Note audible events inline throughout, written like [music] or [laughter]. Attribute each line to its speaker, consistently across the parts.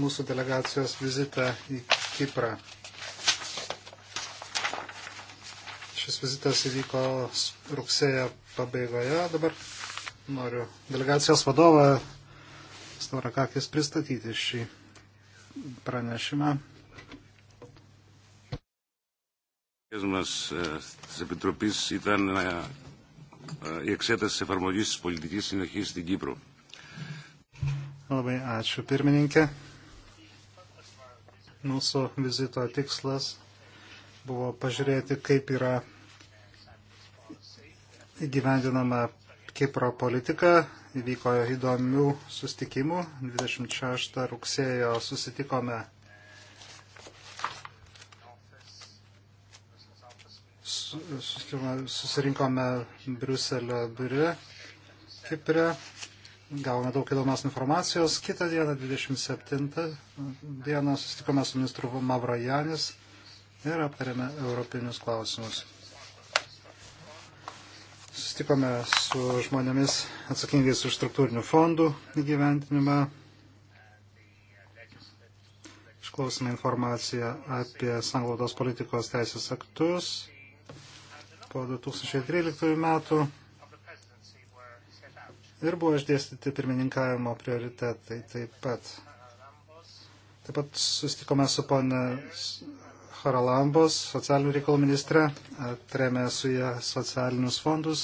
Speaker 1: mūsų delegacijos vizitą į Kiprą. Šis vizitas įvyko rugsėjo pabaigoje. Dabar noriu delegacijos vadovą Stavrakakis pristatyti šį pranešimą. μας της Επιτροπής ήταν η εξέταση της εφαρμογής της πολιτικής συνοχής στην Κύπρο. Labai ačiū pirmininkė. Mūsų vizito tikslas buvo pažiūrėti, kaip yra įgyvendinama Kipro politika. Įvyko įdomių sustikimų. 26 rugsėjo susitikome susirinkome Briuselio biure Kipre gavome daug įdomios informacijos. Kitą dieną, 27 dieną, susitikome su ministru Mavrojanis ir aptarėme europinius klausimus. Susitikome su žmonėmis atsakingais už struktūrinių fondų įgyventinimą. Išklausome informaciją apie sanglaudos politikos teisės aktus po 2013 metų ir buvo išdėstyti pirmininkavimo prioritetai taip pat. Taip pat sustikome su ponė Haralambos, socialinių reikalų ministrė, atremė su ją socialinius fondus,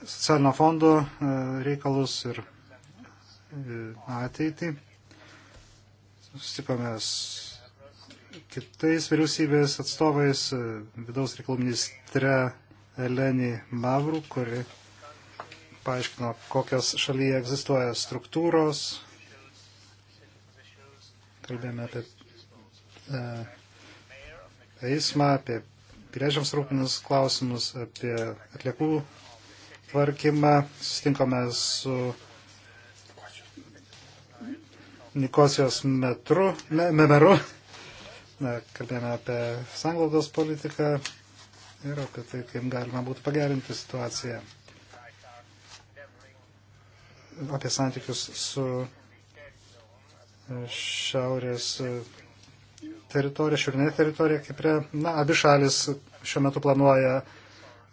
Speaker 1: socialinio fondo e, reikalus ir e, ateitį. Sustikome kitais vyriausybės atstovais, e, vidaus reikalų ministre Eleni Mavru, kuri paaiškino, kokios šalyje egzistuoja struktūros. Kalbėjome apie e, eismą, apie piliečiams rūpinus klausimus, apie atliekų tvarkymą. Sustinkome su Nikosijos metru, me, memeru. Na, kalbėjome apie sanglaudos politiką ir apie tai, kaip galima būtų pagerinti situaciją apie santykius su e, šiaurės e, teritorija, šiaurinė teritorija, Kiprė. Na, abi šalis šiuo metu planuoja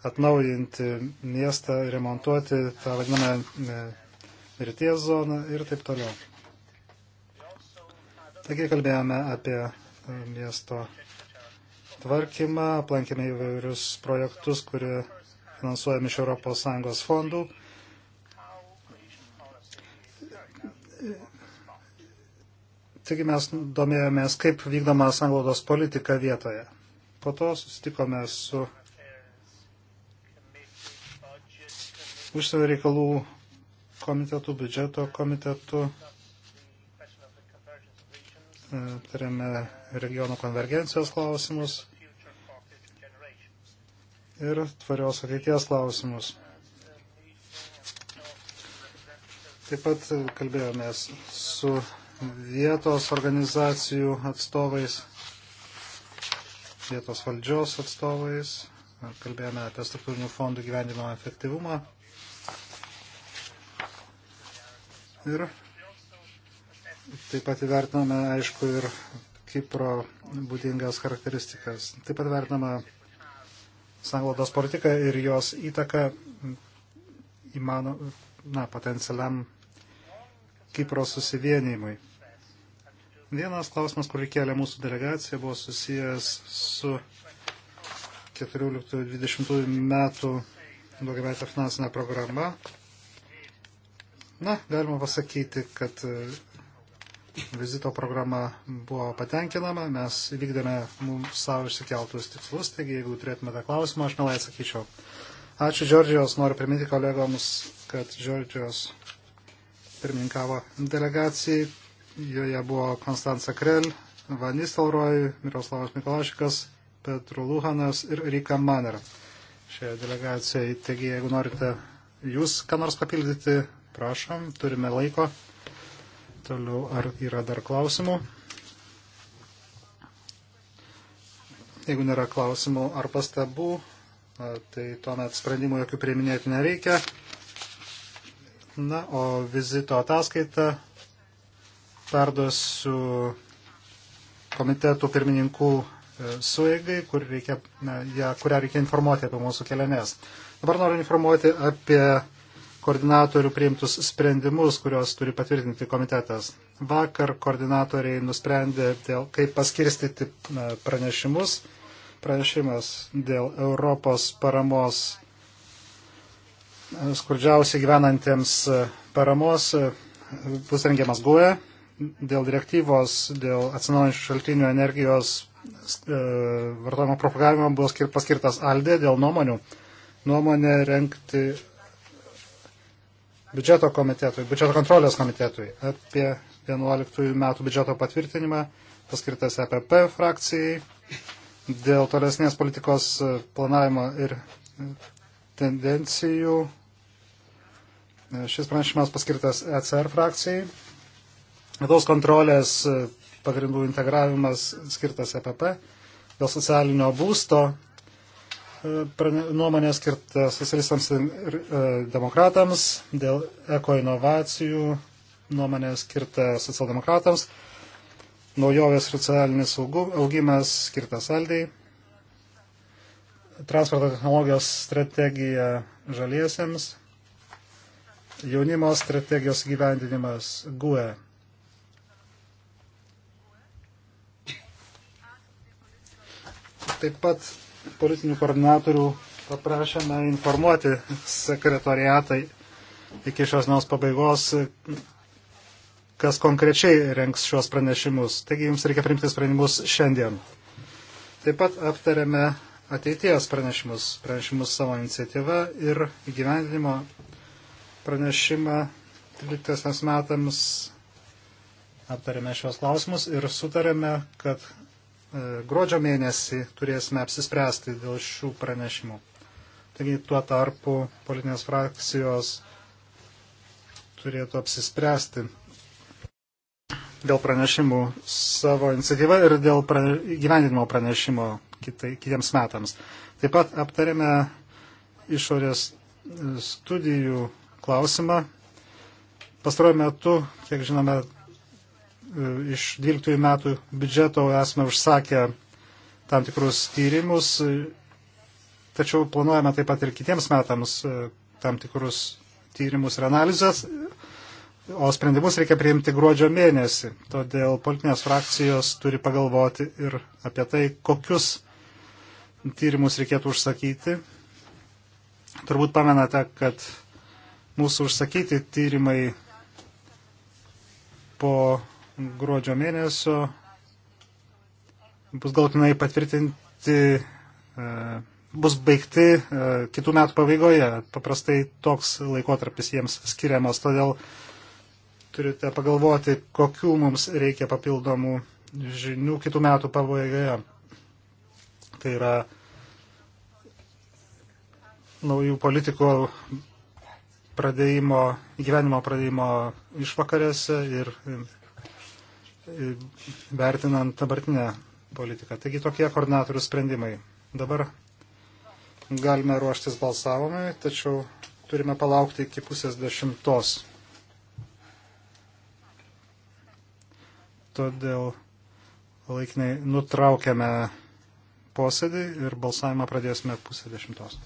Speaker 1: atnaujinti miestą, remontuoti tą vadinamą e, mirties zoną ir taip toliau. Taigi kalbėjome apie miesto tvarkymą, aplankėme įvairius projektus, kurie finansuojami iš ES fondų. Taigi mes domėjomės, kaip vykdoma sanglaudos politika vietoje. Po to susitikome su užsienio reikalų komitetu, biudžeto komitetu. E, Tarėme regionų konvergencijos klausimus ir tvarios ateities klausimus. Taip pat kalbėjomės su vietos organizacijų atstovais, vietos valdžios atstovais, kalbėjome apie struktūrinių fondų gyvenimo efektyvumą. Ir taip pat įvertiname, aišku, ir Kipro būdingas charakteristikas. Taip pat vertinama sanglaudos politika ir jos įtaka įmano, na, potencialiam Kipro susivienimui. Vienas klausimas, kurį kėlė mūsų delegacija, buvo susijęs su 14-20 metų daugiametė finansinė programa. Na, galima pasakyti, kad e, vizito programa buvo patenkinama, mes įvykdėme mums savo išsikeltus tikslus, taigi jeigu turėtume tą klausimą, aš melai atsakyčiau. Ačiū Džordžijos, noriu priminti kolegoms, kad Džordžijos pirmininkavo delegacijai Joje buvo Konstanca Krell, Van Nistelrooy, Miroslavas Mikolašikas, Petru Luhanas ir Rika Maner. Šioje delegacijoje, taigi jeigu norite jūs ką nors papildyti, prašom, turime laiko. Toliau, ar yra dar klausimų? Jeigu nėra klausimų ar pastabų, tai tuomet sprendimų jokių prieiminėti nereikia. Na, o vizito ataskaita perduosiu komitetų pirmininkų e, suėgai, kur reikia, ja, kurią reikia informuoti apie mūsų keliones. Dabar noriu informuoti apie koordinatorių priimtus sprendimus, kuriuos turi patvirtinti komitetas. Vakar koordinatoriai nusprendė, dėl, kaip paskirstyti pranešimus. Pranešimas dėl Europos paramos skurdžiausiai gyvenantiems e, paramos e, bus rengiamas GUE, dėl direktyvos, dėl atsinaujančių šaltinių energijos e, vartojimo propagavimo buvo skir, paskirtas Aldė dėl nuomonių. Nuomonė renkti biudžeto komitetui, biudžeto kontrolės komitetui apie 11 metų biudžeto patvirtinimą paskirtas EPP frakcijai dėl tolesnės politikos e, planavimo ir tendencijų. E, šis pranešimas paskirtas ECR frakcijai. Vidaus kontrolės e, pagrindų integravimas skirtas EPP, dėl socialinio būsto e, nuomonė skirta socialistams ir e, demokratams, dėl ekoinovacijų nuomonė skirta socialdemokratams, naujovės ir socialinis augimas skirtas saldai, transporto technologijos strategija žaliesiems, jaunimo strategijos gyvendinimas GUE Taip pat politinių koordinatorių paprašėme informuoti sekretoriatą iki šios dienos pabaigos, kas konkrečiai renks šios pranešimus. Taigi jums reikia priimti sprendimus šiandien. Taip pat aptarėme ateities pranešimus, pranešimus savo iniciatyvą ir įgyvendinimo pranešimą 13 metams aptarėme šios klausimus ir sutarėme, kad E, gruodžio mėnesį turėsime apsispręsti dėl šių pranešimų. Taigi tuo tarpu politinės frakcijos turėtų apsispręsti dėl pranešimų savo iniciatyvą ir dėl prane, gyvendinimo pranešimo kitai, kitiems metams. Taip pat aptarėme išorės e, studijų klausimą. Pastaruoju metu, kiek žinome, E, iš 12 metų biudžeto esame užsakę tam tikrus tyrimus, e, tačiau planuojame taip pat ir kitiems metams e, tam tikrus tyrimus ir analizės, o sprendimus reikia priimti gruodžio mėnesį. Todėl politinės frakcijos turi pagalvoti ir apie tai, kokius tyrimus reikėtų užsakyti. Turbūt pamenate, kad mūsų užsakyti tyrimai po gruodžio mėnesio bus galtinai patvirtinti, e, bus baigti e, kitų metų pabaigoje. Paprastai toks laikotarpis jiems skiriamas, todėl turite pagalvoti, kokių mums reikia papildomų žinių kitų metų pabaigoje. Tai yra naujų politikų pradėjimo, gyvenimo pradėjimo išvakarėse ir vertinant dabartinę politiką. Taigi tokie koordinatorių sprendimai. Dabar galime ruoštis balsavimui, tačiau turime palaukti iki pusės dešimtos. Todėl laikinai nutraukiame posėdį ir balsavimą pradėsime pusę dešimtos.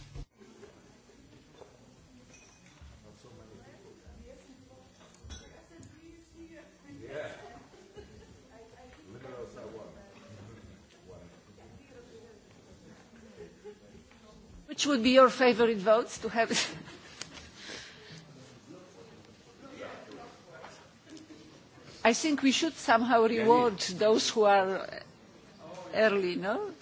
Speaker 2: Which would be your favorite votes to have? I think we should somehow reward those who are early, no?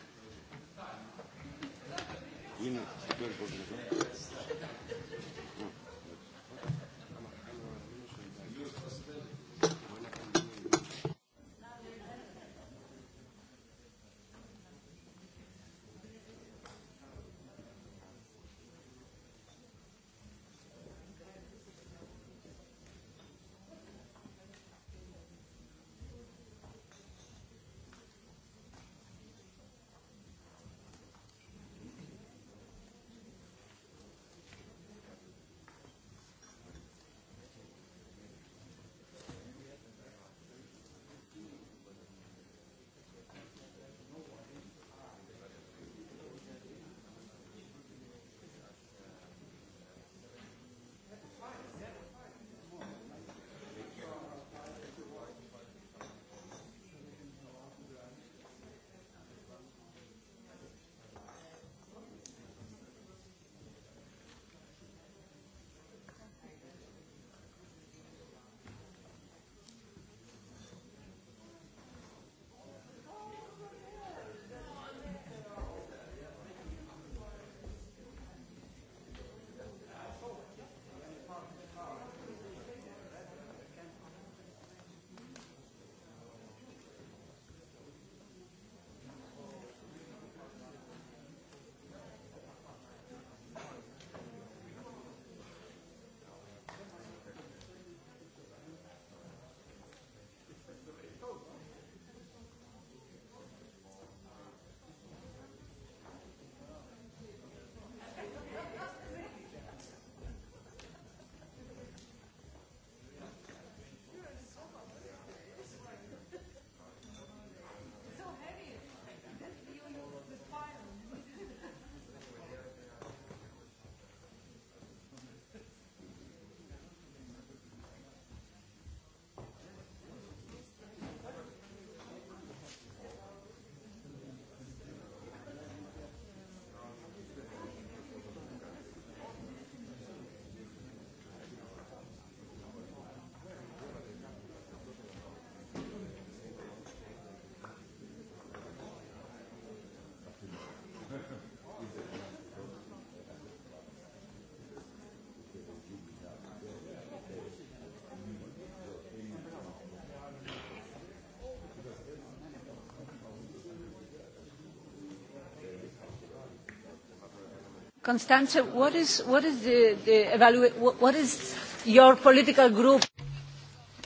Speaker 2: Constanze, what is, what is, the, the evaluate, what is your political group?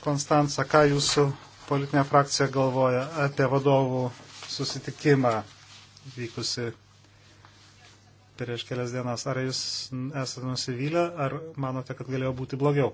Speaker 1: Konstanca, ką jūsų politinė frakcija galvoja apie vadovų susitikimą vykusi prieš kelias dienas? Ar jūs esate nusivylę, ar manote, kad galėjo būti blogiau?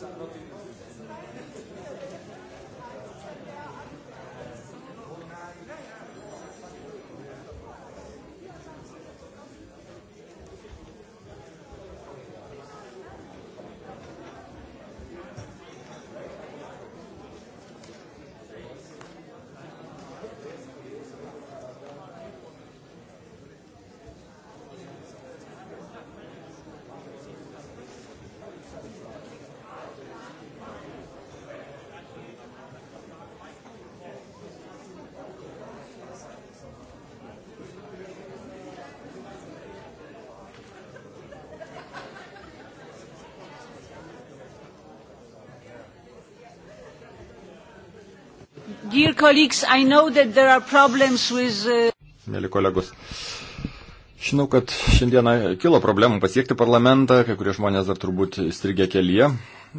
Speaker 1: not in the
Speaker 2: Dear colleagues, I know that there are problems
Speaker 1: with... Uh,
Speaker 3: Mėly kolegos, žinau, kad šiandieną kilo problemų pasiekti parlamentą, kai kurie žmonės dar turbūt įstrigė kelyje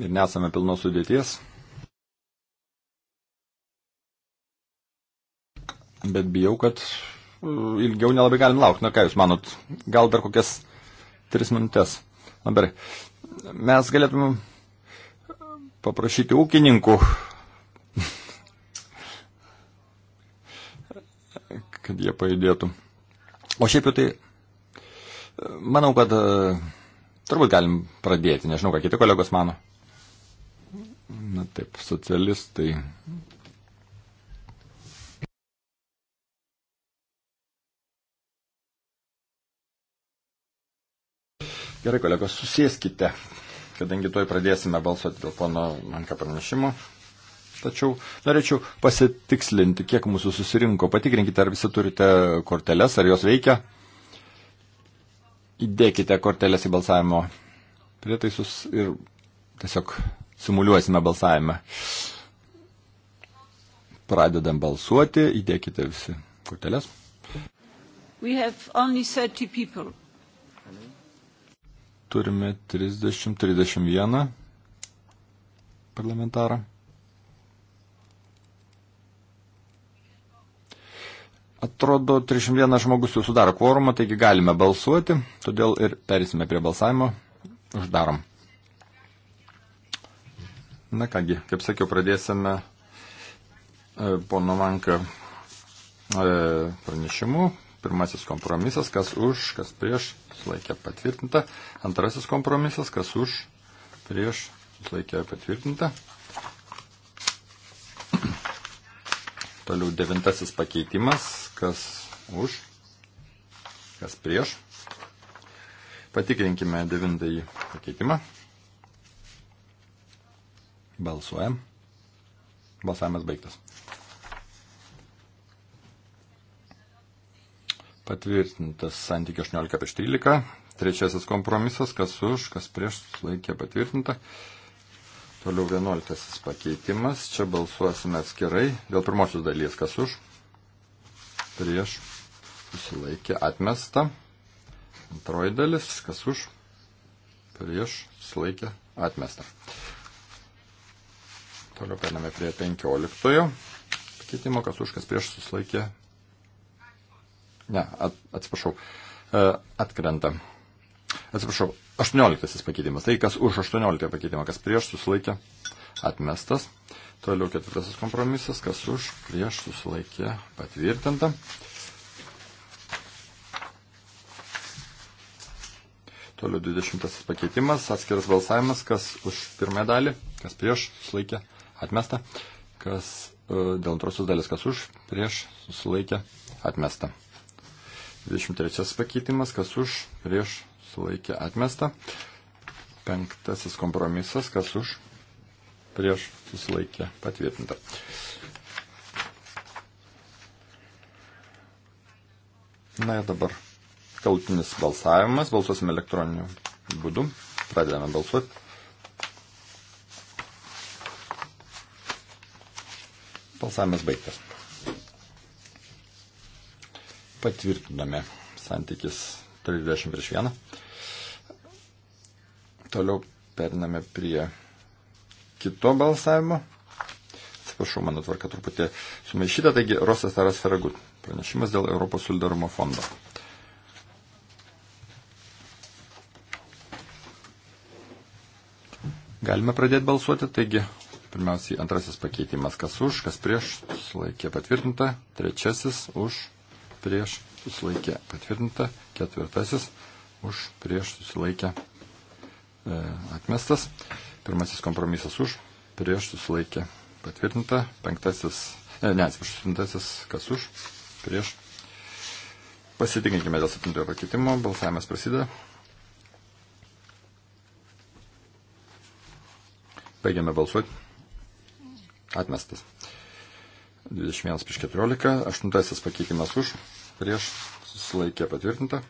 Speaker 3: ir nesame pilnos sudėties. Bet bijau, kad uh, ilgiau nelabai galim laukti. Na ką Jūs manot, gal dar kokias tris minutės? Na gerai, mes galėtume paprašyti ūkininkų pajudėtų. O šiaip jau tai, manau, kad e, turbūt galim pradėti, nežinau, ką kiti kolegos mano. Na taip, socialistai. Gerai, kolegos, susėskite, kadangi tuoj pradėsime balsuoti dėl pono Manka pranešimo tačiau norėčiau pasitikslinti, kiek mūsų susirinko. Patikrinkite, ar visi turite korteles, ar jos veikia. Įdėkite korteles į balsavimo prietaisus ir tiesiog simuliuosime balsavimą. Pradedam balsuoti, įdėkite visi korteles. Turime 30-31 parlamentarą. Atrodo, 31 žmogus jau sudaro kvorumą, taigi galime balsuoti, todėl ir perėsime prie balsavimo. Uždarom. Na kągi, kaip sakiau, pradėsime e, pono Manka e, pranešimu. Pirmasis kompromisas, kas už, kas prieš, sulaikė patvirtinta. Antrasis kompromisas, kas už, prieš, sulaikė patvirtinta. Toliau devintasis pakeitimas, kas už, kas prieš. Patikrinkime devintąjį pakeitimą. Balsuojam. Balsavimas baigtas. Patvirtintas santykio 18 prieš 13. Trečiasis kompromisas, kas už, kas prieš, laikė patvirtinta. Toliau 11 pakeitimas. Čia balsuosime atskirai. Dėl pirmosios dalies, kas už, prieš susilaikė atmesta. Antroji dalis, kas už, prieš susilaikė atmesta. Toliau periname prie 15 pakeitimo, kas už, kas prieš susilaikė. Ne, at, atsiprašau, e, atkrenta. Atsiprašau, 18 pakeitimas. Tai kas už 18 pakeitimą, kas prieš susilaikė atmestas. Toliau ketvirtasis kompromisas, kas už, prieš, susilaikė, patvirtinta. Toliau 20 pakeitimas, atskiras balsavimas, kas už pirmąją dalį, kas prieš, susilaikė, atmesta, kas e, dėl antrosios dalis, kas už, prieš, susilaikė, atmesta. 23 pakeitimas, kas už, prieš, susilaikė, atmesta. Penktasis kompromisas, kas už, prieš susilaikė patvirtinta. Na ir dabar galutinis balsavimas. Balsuosime elektroniniu būdu. Pradedame balsuoti. Balsavimas baigtas. Patvirtiname santykis 30 prieš 1. Toliau periname prie kito balsavimo. Atsiprašau, mano tvarka truputį sumaišyta. Taigi, Rosas Taras Feragut. Pranešimas dėl Europos solidarumo fondo. Galime pradėti balsuoti. Taigi, pirmiausiai antrasis pakeitimas, kas už, kas prieš, sulaikė patvirtinta. Trečiasis už, prieš, sulaikė patvirtinta. Ketvirtasis už, prieš, sulaikė e, atmestas. Pirmasis kompromisas už, prieš susilaikė patvirtinta. Penktasis, ne, ne atsiprašau, septintasis kas už, prieš. Pasitikinkime dėl septintojo pakeitimo. Balsavimas prasideda. Baigiame balsuoti. Atmestas. 21 prieš 14. Aštuntasis pakeitimas už, prieš susilaikė patvirtinta.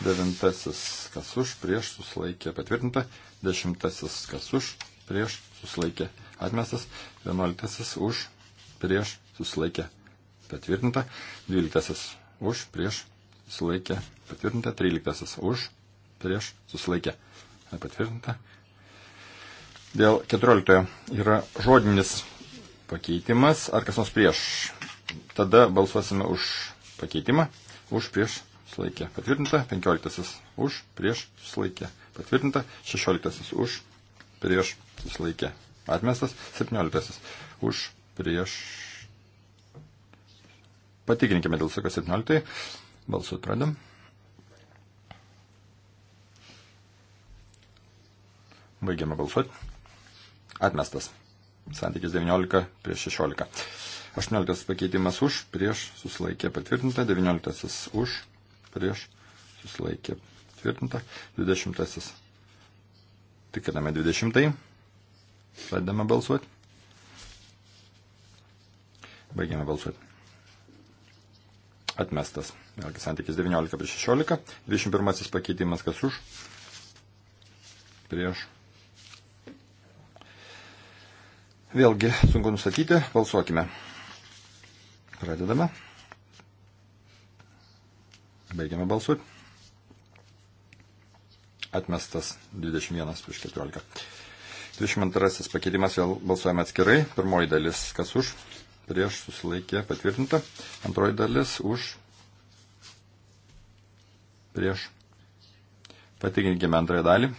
Speaker 3: Devintasis, kas už, prieš susilaikė patvirtinta. Dešimtasis, kas už, prieš susilaikė atmestas. Vienuoliktasis už, prieš susilaikė patvirtinta. Dvyliktasis už, prieš susilaikė patvirtinta. Tryliktasis už, prieš susilaikė patvirtinta. Dėl 14 yra žodinis pakeitimas, ar kas nors prieš. Tada balsuosime už pakeitimą, už prieš susilaikė patvirtinta, 15 už, prieš susilaikė patvirtinta, 16 už, prieš susilaikė atmestas, 17 už, prieš. Patikrinkime dėl sako 17. Balsuot pradam. Baigiame balsuoti. Atmestas. Santykis 19 prieš 16. 18 pakeitimas už, prieš susilaikė patvirtinta, 19 už, prieš, susilaikė tvirtinta. 20. Tikriname 20. Pradedame balsuoti. Baigiame balsuoti. Atmestas. Vėlgi santykis 19 prieš 16. 21 pakeitimas kas už. Prieš. Vėlgi sunku nustatyti. Balsuokime. Pradedame. Baigiame balsuoti. Atmestas 21 prieš 14. 22 pakeitimas vėl balsuojame atskirai. Pirmoji dalis, kas už, prieš susilaikė patvirtinta. Antroji dalis už, prieš. Patikrinkime antrąją dalį.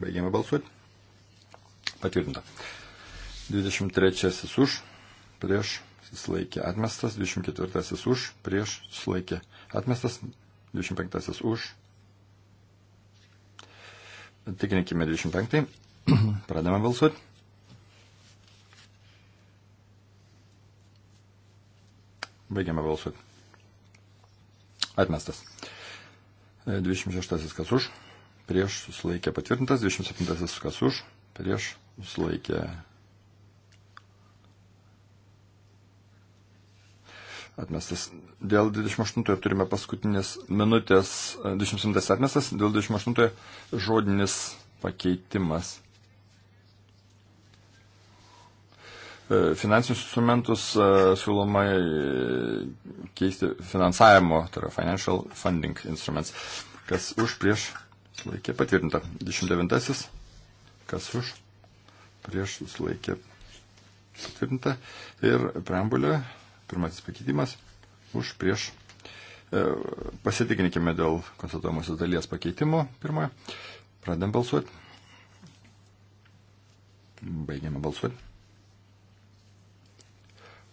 Speaker 3: Baigėme balsuoti. Patvirtinta. 23 už, prieš susilaikė atmestas, 24 už, prieš susilaikė atmestas, 25 už. Tikrinkime 25. Pradame balsuoti. Baigiame balsuoti. Atmestas. 26 kas už, prieš susilaikė patvirtintas, 27 kas už, prieš susilaikė atmestas. Dėl 28 turime paskutinės minutės, 27 e, atmestas, dėl 28 žodinis pakeitimas. E, finansinius instrumentus e, siūloma keisti finansavimo, tai yra financial funding instruments. Kas už prieš sulaikė patvirtinta. 29. Kas už prieš sulaikė patvirtinta. Ir preambulė Pirmasis pakeitimas už prieš. E, pasitikinkime dėl konstatuojamosios dalies pakeitimo pirmojo. Pradėm balsuoti. Baigiame balsuoti.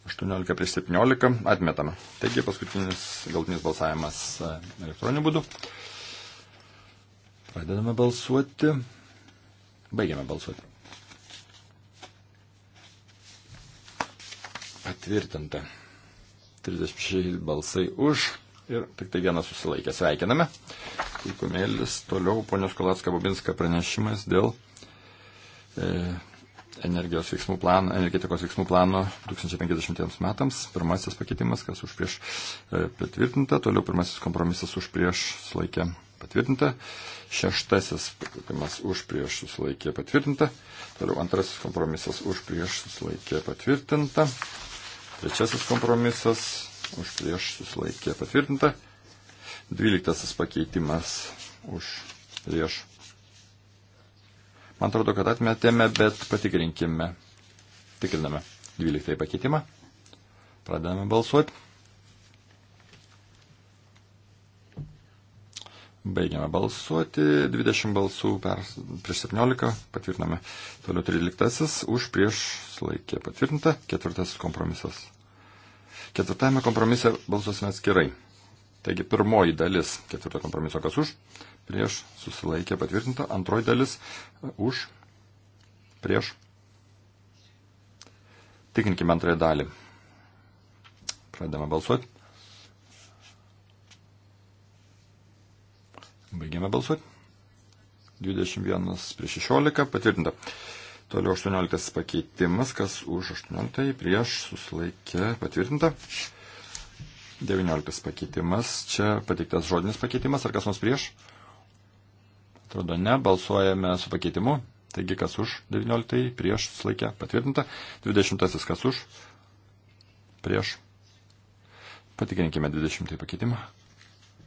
Speaker 3: 18 prieš 17 atmetame. Taigi paskutinis galtinis balsavimas e, elektroniniu būdu. Pradedame balsuoti. Baigiame balsuoti. Patvirtinta. 36 balsai už ir tik tai vienas susilaikė. Sveikiname. Kukumėlis. Toliau ponios Kolatska Babinska pranešimas dėl e, energijos veiksmų plano, energetikos veiksmų plano 2050 metams. Pirmasis pakeitimas, kas už prieš e, patvirtinta. Toliau pirmasis kompromisas už prieš sulaikė patvirtinta. Šeštasis pakeitimas už prieš sulaikė patvirtinta. Toliau antrasis kompromisas už prieš sulaikė patvirtinta. Trečiasis kompromisas už prieš susilaikė patvirtinta. Dvyliktasis pakeitimas už prieš. Man atrodo, kad atmetėme, bet patikrinkime. Tikriname. Dvyliktąjį pakeitimą. Pradedame balsuoti. Baigiame balsuoti. 20 balsų per, prieš 17 patvirtiname. Toliau 13 už prieš laikė patvirtinta. Ketvirtasis kompromisas. Ketvirtame kompromise balsuosime atskirai. Taigi pirmoji dalis ketvirto kompromiso kas už, prieš susilaikė patvirtinta. Antroji dalis už, prieš. Tikinkime antrąją dalį. Pradedame balsuoti. Baigiame balsuoti. 21 prieš 16 patvirtinta. Toliau 18 pakeitimas, kas už 18 prieš susilaikė patvirtinta. 19 pakeitimas, čia pateiktas žodinis pakeitimas, ar kas nors prieš? Atrodo ne, balsuojame su pakeitimu. Taigi kas už 19 prieš susilaikė patvirtinta. 20 kas už prieš. Patikrinkime 20 pakeitimą.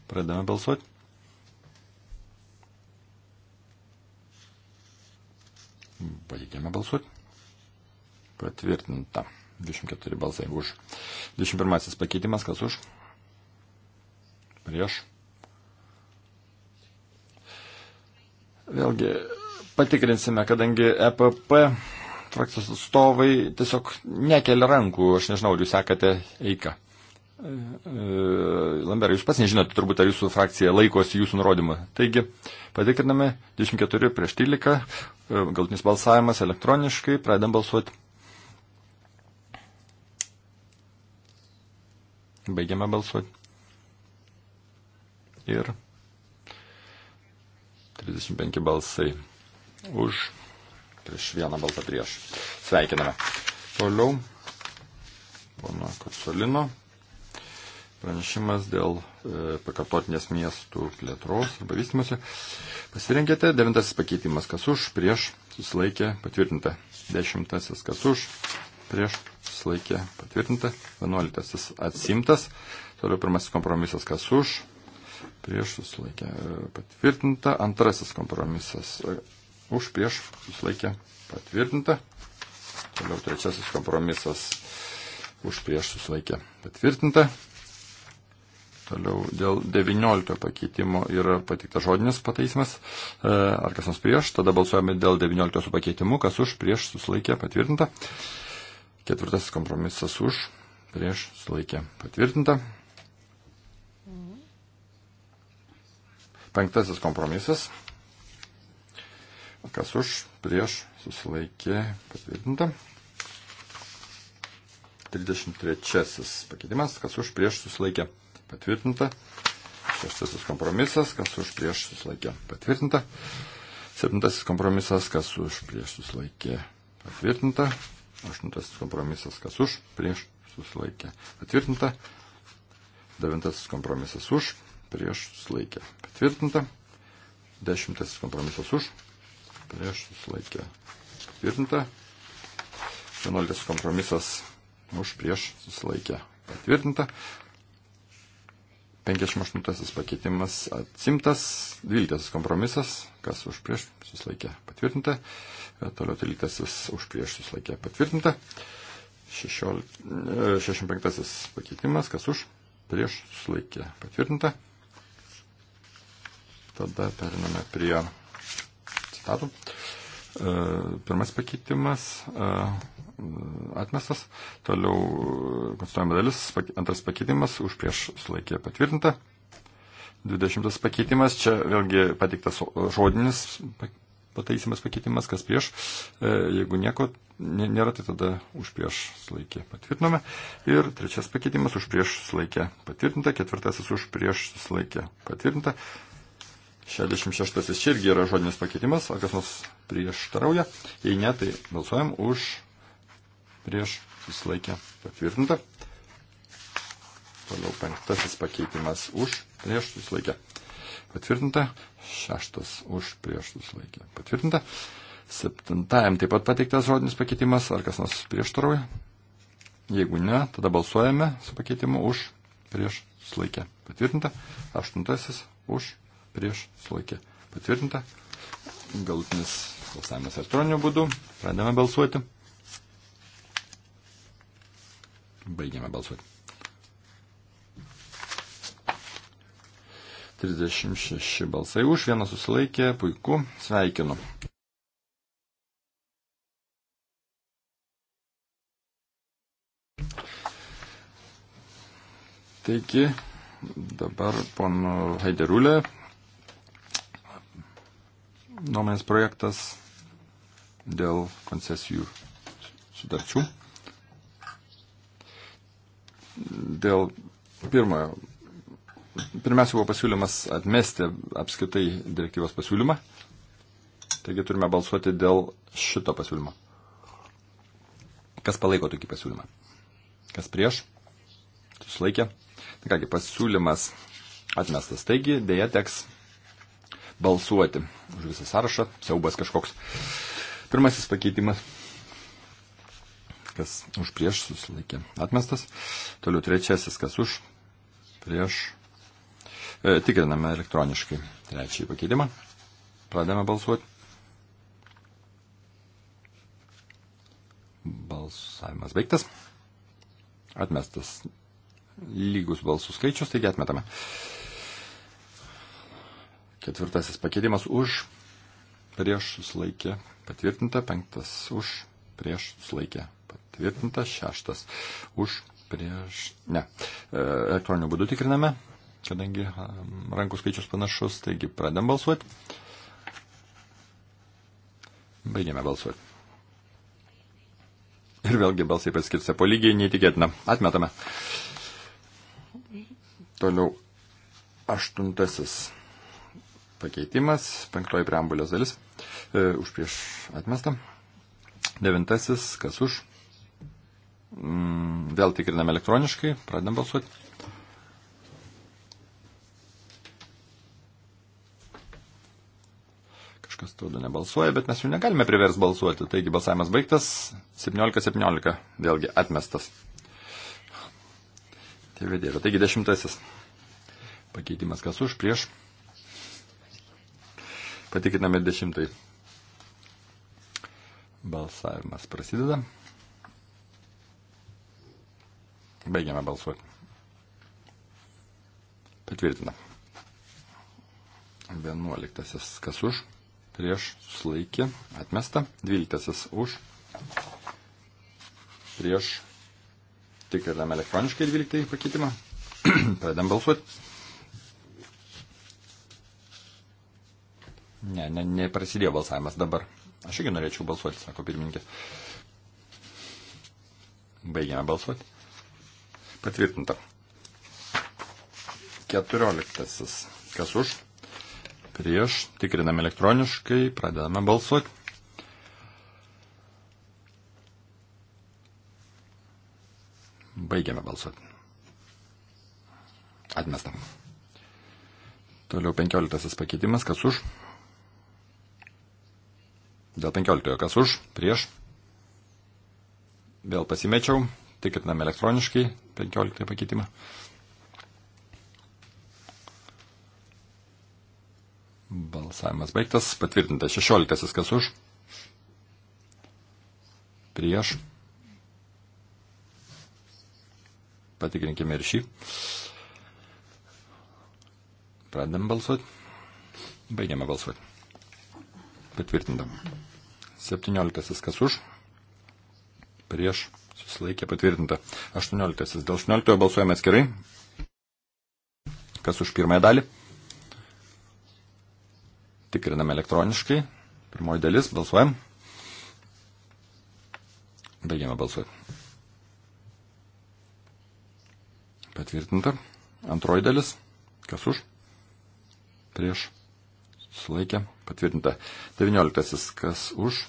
Speaker 3: Pradedame balsuoti. Palikime balsuoti. Patvirtinta. 24 balsai už. 21 pakeitimas, kas už? Prieš. Vėlgi patikrinsime, kadangi EPP frakcijos atstovai tiesiog nekelia rankų, aš nežinau, ar jūs sekate eiką. E, e, Lamberai, jūs pats nežinote turbūt, ar jūsų frakcija laikosi jūsų nurodymą. Taigi, patikriname 24 prieš 13, e, galtinis balsavimas elektroniškai, pradedam balsuoti. Baigiame balsuoti. Ir 35 balsai už, prieš vieną balsą prieš. Sveikiname. Toliau, pono Kotsolino pranešimas dėl e, pakartotinės miestų plėtros arba vystimuose. Pasirinkite, devintasis pakeitimas, kas už, prieš, susilaikė, patvirtinta. Dešimtasis, kas už, prieš, susilaikė, patvirtinta. Vienuoliktasis, atsimtas. Toliau pirmasis kompromisas, kas už, prieš, susilaikė, e, patvirtinta. Antrasis kompromisas, e, už, prieš, susilaikė, patvirtinta. Toliau trečiasis kompromisas, už, prieš, susilaikė, patvirtinta. Toliau dėl 19 pakeitimo yra patiktas žodinis pataisimas. E, ar kas nors prieš? Tada balsuojame dėl 19 su pakeitimu. Kas už? Prieš susilaikė patvirtinta. Ketvirtas kompromisas už. Prieš susilaikė patvirtinta. Penktasis kompromisas. Kas už? Prieš susilaikė patvirtinta. 33 pakeitimas. Kas už? Prieš susilaikė patvirtinta patvirtinta. Šeštasis kompromisas, kas už prieš susilaikė patvirtinta. Septintasis kompromisas, kas už prieš susilaikė patvirtinta. Aštuntasis kompromisas, kas už prieš susilaikė patvirtinta. Devintasis kompromisas už prieš susilaikė patvirtinta. Dešimtasis kompromisas už prieš susilaikė patvirtinta. Vienuoliktasis kompromisas už prieš susilaikė patvirtinta. 58 pakeitimas atsimtas, 12 kompromisas, kas už prieš susilaikė patvirtinta, e, toliau 13 už prieš susilaikė patvirtinta, 65 e, pakeitimas, kas už prieš susilaikė patvirtinta. Tada periname prie citatų. E, pirmas pakeitimas. E, atmestas. Toliau e, konstatuojama dalis, antras pakeitimas, už prieš sulaikė patvirtinta. 20 pakeitimas, čia vėlgi patiktas žodinis pataisimas pakeitimas, kas prieš. E, jeigu nieko nėra, tai tada už prieš sulaikė patvirtinome. Ir trečias pakeitimas už prieš sulaikė patvirtinta, ketvirtasis už prieš sulaikė patvirtinta. 66 čia irgi yra žodinis pakeitimas, ar kas nors prieštarauja. Jei ne, tai balsuojam už prieš susilaikę patvirtinta. Toliau penktasis pakeitimas už prieš susilaikę patvirtinta. Šeštas už prieš susilaikę patvirtinta. Septintajam taip pat pateiktas žodinis pakeitimas, ar kas nors prieštarauja. Jeigu ne, tada balsuojame su pakeitimu už prieš sulaikę patvirtinta. Aštuntasis už prieš sulaikę patvirtinta. Galutinis balsavimas elektroniniu būdu. Pradėjome balsuoti. Baigiame balsuoti. 36 balsai už, vienas susilaikė, puiku, sveikinu. Taigi, dabar pono Haiderulė nuomonės projektas dėl koncesijų sudarčių dėl pirmojo. Pirmiausia buvo pasiūlymas atmesti apskaitai direktyvos pasiūlymą. Taigi turime balsuoti dėl šito pasiūlymo. Kas palaiko tokį pasiūlymą? Kas prieš? Susilaikė. Tai kągi, pasiūlymas atmestas. Taigi, dėja teks balsuoti už visą sąrašą. Siaubas kažkoks. Pirmasis pakeitimas kas už prieš susilaikė atmestas. Toliau trečiasis, kas už prieš. E, tikriname elektroniškai trečiąjį pakeitimą. Pradame balsuoti. Balsavimas baigtas. Atmestas lygus balsų skaičius, taigi atmetame. Ketvirtasis pakeitimas už, prieš susilaikė, patvirtinta, penktas už, prieš susilaikė, patvirtintas, šeštas už, prieš, ne. E, elektroniniu būdu tikriname, kadangi e, rankų skaičius panašus, taigi pradam balsuoti. Baigiame balsuoti. Ir vėlgi balsai paskirsia po lygiai, neįtikėtina. Atmetame. Toliau aštuntasis pakeitimas, penktoji preambulės dalis, e, už prieš atmestą. Devintasis, kas už, Mm, vėl tikriname elektroniškai, pradedam balsuoti. Kažkas tauda nebalsuoja, bet mes jų negalime privers balsuoti. Taigi balsavimas baigtas, 17-17, vėlgi atmestas. Tėvė dėlė. Taigi dešimtasis. Pakeitimas kas už, prieš. Patikiname dešimtai. Balsavimas prasideda. Baigiame balsuoti. Patvirtina. 11. Kas už? Prieš sulaikė. Atmesta. 12. Už. Prieš. Tikrinam elektroniškai 12 pakeitimą. [clears throat] Pradedam balsuoti. Ne, ne, neprasidėjo balsavimas dabar. Aš irgi norėčiau balsuoti, sako pirmininkė. Baigiame balsuoti. Patvirtinta. 14. Kas už? Prieš. Tikriname elektroniškai. Pradedame balsuoti. Baigiame balsuoti. Atmestam. Toliau 15 pakeitimas. Kas už? Dėl 15. Kas už? Prieš. Vėl pasimečiau tikriname elektroniškai 15 pakeitimą. Balsavimas baigtas, patvirtinta 16 kas už, prieš, patikrinkime ir šį. Pradedam balsuoti, baigiame balsuoti. Patvirtintam. 17 kas už, prieš, susilaikė patvirtinta. 18. Dėl 18 balsuojame atskirai. Kas už pirmąją dalį? Tikriname elektroniškai. Pirmoji dalis, balsuojam. Baigiame balsuoti. Patvirtinta. Antroji dalis. Kas už? Prieš. Sulaikė. Patvirtinta. 19. Kas už?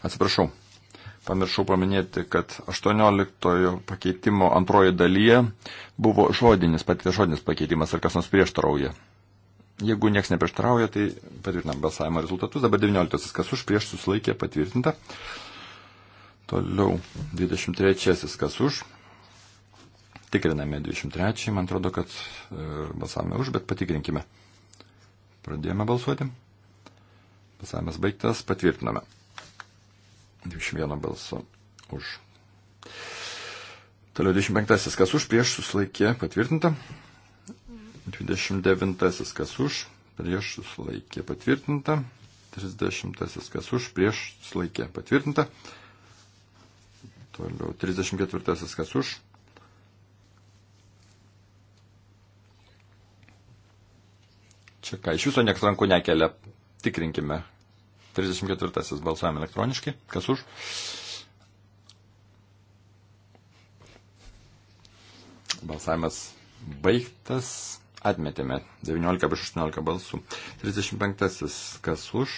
Speaker 3: Atsiprašau, pamiršau paminėti, kad 18 pakeitimo antroji dalyje buvo žodinis, patiktas žodinis pakeitimas, ar kas nors prieštarauja. Jeigu nieks neprieštarauja, tai patvirtinam balsavimo rezultatus. Dabar 19. Kas už prieš susilaikė patvirtinta. Toliau 23. Kas už. Tikriname 23. Man atrodo, kad e, balsavome už, bet patikrinkime. Pradėjome balsuoti. Balsavimas baigtas. Patvirtiname. 21 balsu už. Toliau 25. Kas už prieš susilaikė patvirtinta. 29. Kas už prieš susilaikė patvirtinta. 30. Kas už prieš susilaikė patvirtinta. Toliau 34. Kas už. Čia ką, iš viso nieks rankų nekelia. Tikrinkime, 34 balsuojame elektroniškai. Kas už? Balsavimas baigtas. Atmetėme 19 prieš 18 balsų. 35. Kas už?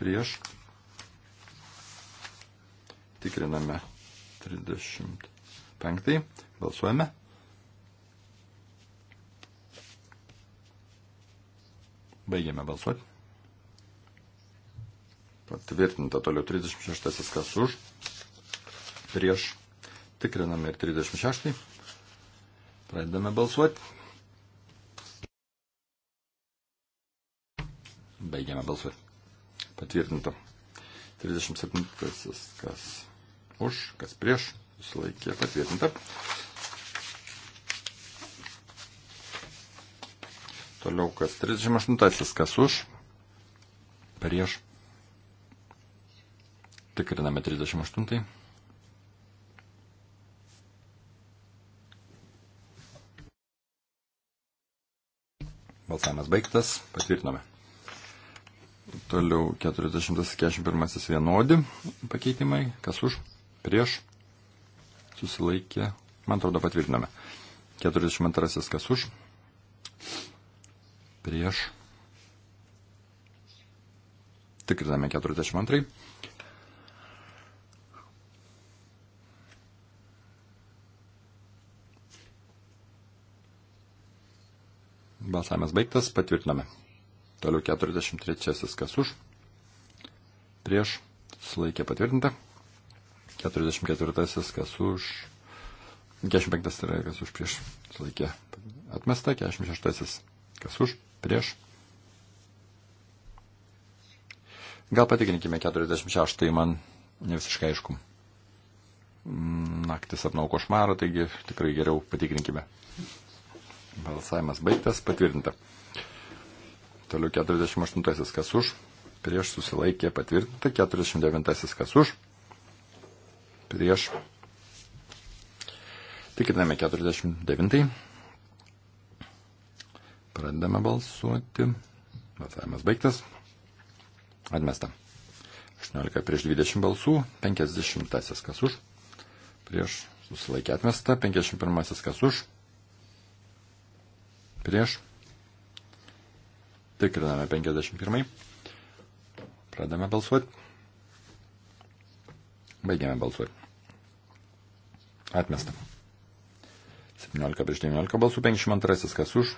Speaker 3: Prieš. Tikriname 35. Balsuojame. Baigėme balsuoti. Patvirtinta toliau 36 kas už. Prieš. Tikriname ir 36. Pradedame balsuoti. Baigiame balsuoti. Patvirtinta. 37 kas už, kas prieš. Susilaikė patvirtinta. Toliau kas 38. Kas už? Prieš. Tikriname 38. Balsavimas baigtas, patvirtiname. Toliau 40-41 vienodi pakeitimai, kas už, prieš, susilaikė, man atrodo patvirtiname. 42 kas už, prieš. Tikriname 42. Balsavimas baigtas, patvirtiname. Toliau 43. kas už. Prieš. Sulaikė patvirtinta. 44. kas už. 45. kas už prieš. Sulaikė atmesta. 46. kas už prieš. Gal patikrinkime 46, tai man ne visiškai aišku. Naktis apnau košmarą, taigi tikrai geriau patikrinkime. Balsavimas baigtas, patvirtinta. Toliau 48 kas už, prieš susilaikė patvirtinta, 49 kas už, prieš. Tikriname 49. Pradedame balsuoti. Balsavimas baigtas. Atmesta. 18 prieš 20 balsų. 50 kas už. Prieš susilaikė atmesta. 51 kas už. Prieš. Tikriname 51. Pradame balsuoti. Baigiame balsuoti. Atmestam. 17 prieš 19 balsų, 52 kas už,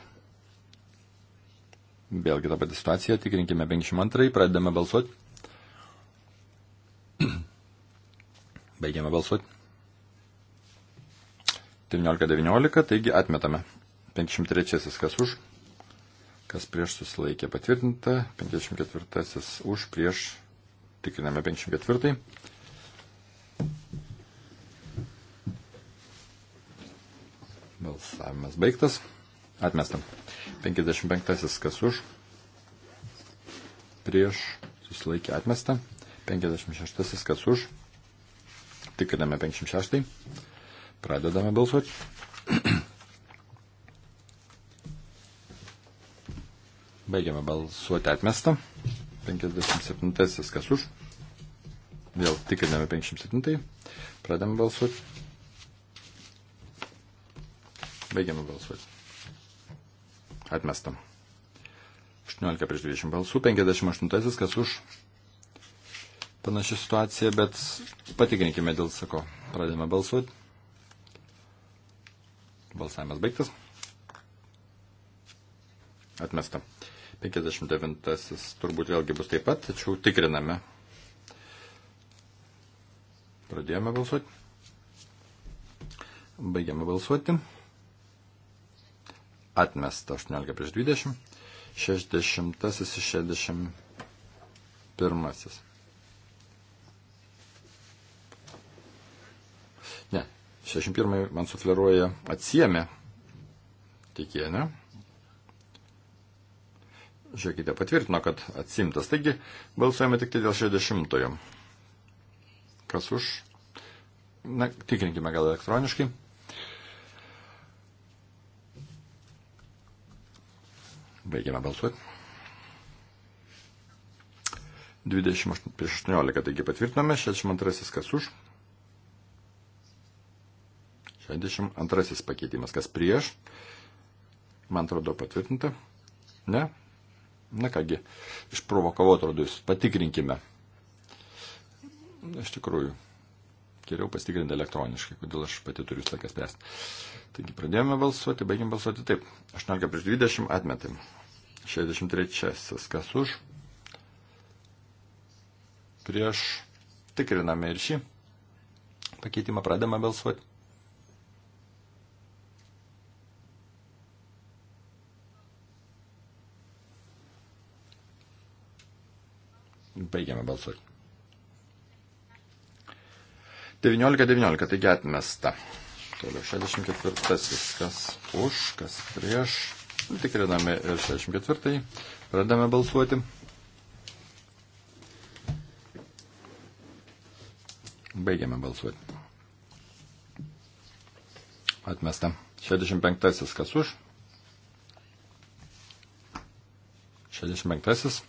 Speaker 3: Vėlgi ta pati situacija, tikrinkime 52, pradedame balsuoti. [clears throat] Baigiame balsuoti. 19-19, taigi atmetame. 53 kas už, kas prieš susilaikė patvirtinta, 54 už, prieš tikriname 54. Balsavimas baigtas. Atmestam. 55. Kas už? Prieš. Susilaikė atmestą. 56. Kas už? Tikriname 56. [clears throat] Pradedame balsuoti. Baigiame balsuoti atmestą. 57. Kas už? Vėl tikriname 57. Pradedame balsuoti. Baigiame balsuoti. Atmesta. 18 prieš 20 balsų, 58 kas už. Panaši situacija, bet patikrinkime dėl sako. Pradėjome balsuoti. Balsavimas baigtas. Atmesta. 59 turbūt vėlgi bus taip pat, tačiau tikriname. Pradėjome balsuoti. Baigiame balsuoti atmesta 18 prieš 20, 60 61. Ne, 61 man sufleruoja atsiemė tikėję, ne? Žiūrėkite, patvirtino, kad atsimtas. Taigi, balsuojame tik tai dėl 60. Kas už? Na, tikrinkime gal elektroniškai. Baigiame balsuoti. 28 prieš 18, taigi patvirtiname. 62 kas už. 62 pakeitimas kas prieš. Man atrodo patvirtinta. Ne? Na kągi, išprovokavo atrodo jūs. Patikrinkime. Iš tikrųjų geriau pasitikrinti elektroniškai, kodėl aš pati turiu visą laiką spręsti. Taigi pradėjome balsuoti, baigėm balsuoti taip. 18 prieš 20 atmetėm. 63 kas už. Prieš tikriname ir šį pakeitimą pradame balsuoti. Baigiame balsuoti. 19-19, taigi atmesta. Toliau 64, kas už, kas prieš. Tikriname ir 64, pradame balsuoti. Baigiame balsuoti. Atmesta. 65 kas už. 65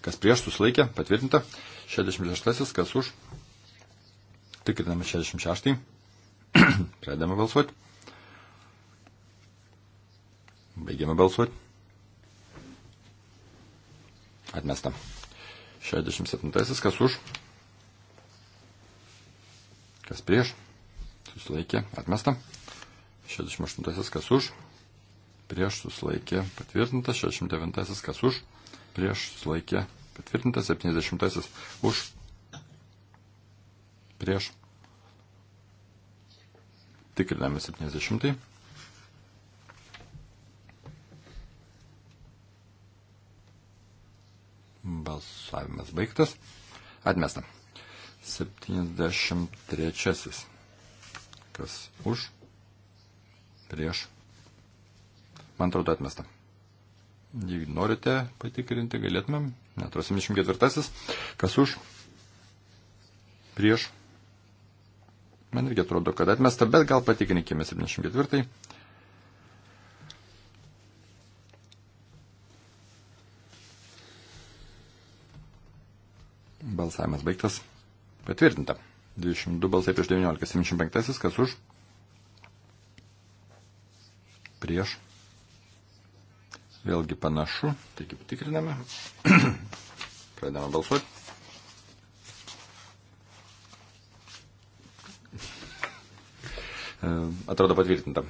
Speaker 3: kas prieš susilaikė, patvirtinta. 66 kas už, Tikriname 66. [clears throat] Pradedame balsuoti. Baigiame balsuoti. Atmesta. 67. Kas už? Kas prieš? Susilaikė. Atmesta. 68. Kas už? Prieš susilaikė. Patvirtinta. 69. Kas už? Prieš susilaikė. Patvirtinta. 70. Už prieš. Tikriname 70. Balsavimas baigtas. Atmesta. 73. Kas už? Prieš. Man atrodo atmesta. Jei norite patikrinti, galėtumėm. Net 74. Kas už? Prieš. Man irgi atrodo, kad atmesta, bet gal patikrinkime 74. Balsavimas baigtas. Patvirtinta. 22 balsai prieš 19. 75. Kas už? Prieš. Vėlgi panašu. Taigi patikriname. [clears throat] Pradedame balsuoti. E, atrodo patvirtinta.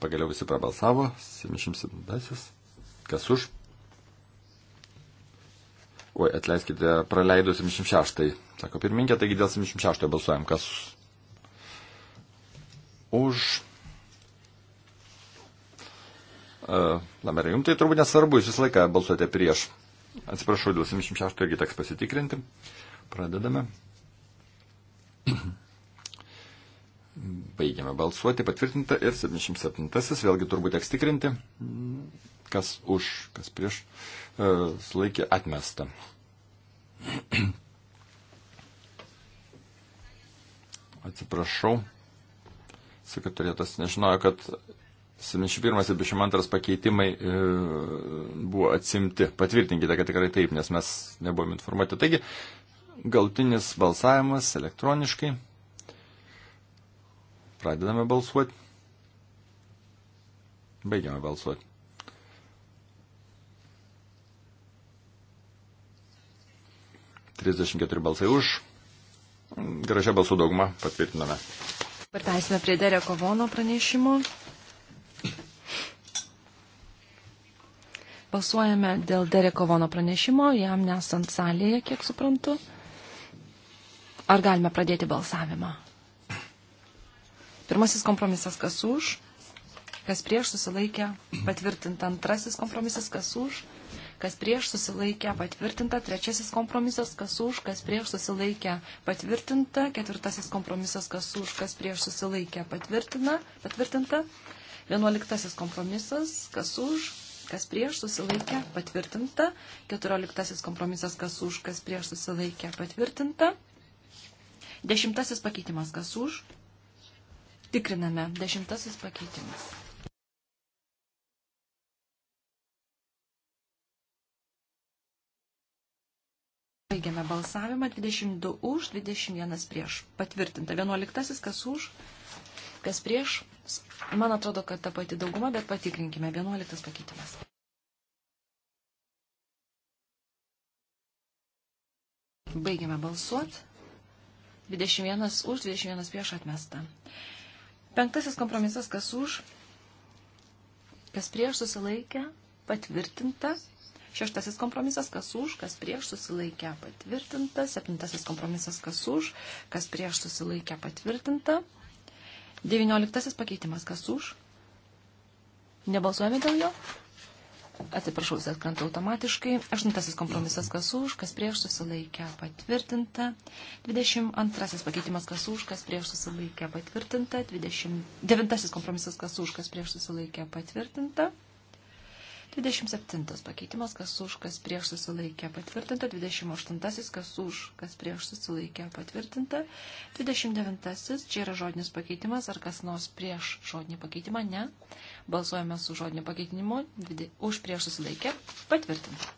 Speaker 3: Pagaliau visi prabalsavo. 77. Kas už? Oi, atleiskite, praleidau 76. Sako pirmininkė, taigi dėl 76 balsuojam. Kas už? Uh, e, Lamerė, jums tai turbūt nesvarbu, jūs visą laiką balsuojate prieš. Atsiprašau, dėl 76 irgi teks pasitikrinti. Pradedame. Baigiame balsuoti, patvirtinta ir 77-asis, vėlgi turbūt teks tikrinti, kas už, kas prieš, e, sulaikė atmestą. [clears throat] Atsiprašau, sekretorėtas nežinojo, kad 71 ir 22 pakeitimai e, buvo atsimti. Patvirtinkite, kad tikrai taip, nes mes nebuvome informuoti. Taigi, galtinis balsavimas elektroniškai. Pradedame balsuoti. Baigiame balsuoti. Trisdešimt keturi balsai už. Gražią balsų daugumą patvirtiname.
Speaker 2: Partaisime prie Dereko Vono pranešimo. Balsuojame dėl Dereko Vono pranešimo, jam nesant salėje, kiek suprantu. Ar galime pradėti balsavimą? Pirmasis kompromisas kas už, kas prieš susilaikė patvirtinta. Antrasis kompromisas kas už, kas prieš susilaikė patvirtinta. Trečiasis kompromisas kas už, kas prieš susilaikė patvirtinta. Ketvirtasis kompromisas kas už, kas prieš susilaikė patvirtina, patvirtinta. Vienuoliktasis kompromisas, kas už, kas prieš susilaikė, patvirtinta. Keturioliktasis kompromisas, kas už, kas prieš susilaikė, patvirtinta. Dešimtasis pakeitimas, kas už, Tikriname. Dešimtasis pakeitimas. Baigiame balsavimą 22 už, 21 prieš. Patvirtinta. 11. Kas už, kas prieš. Man atrodo, kad ta pati dauguma, bet patikrinkime. 11 pakeitimas. Baigiame balsuoti. 21 už, 21 prieš atmesta. Penktasis kompromisas, kas už, kas prieš susilaikė, patvirtinta. Šeštasis kompromisas, kas už, kas prieš susilaikė, patvirtinta. Septintasis kompromisas, kas už, kas prieš susilaikė, patvirtinta. Devynioliktasis pakeitimas, kas už. Nebalsuojame dėl jo atsiprašau, jis atkrenta automatiškai. Aštuntasis kompromisas kas už, kas prieš susilaikę patvirtinta. 22 pakeitimas kas už, kas prieš susilaikę patvirtinta. 29 kompromisas kas už, kas prieš susilaikę patvirtinta. 27 pakeitimas kas už, kas prieš susilaikę patvirtinta. 28 kas už, kas prieš susilaikę patvirtinta. 29 čia yra žodinis pakeitimas, ar kas nors prieš žodinį pakeitimą, ne. Balsuojame su žodiniu pakeitinimu. Už prieš susilaikę. Patvirtinta.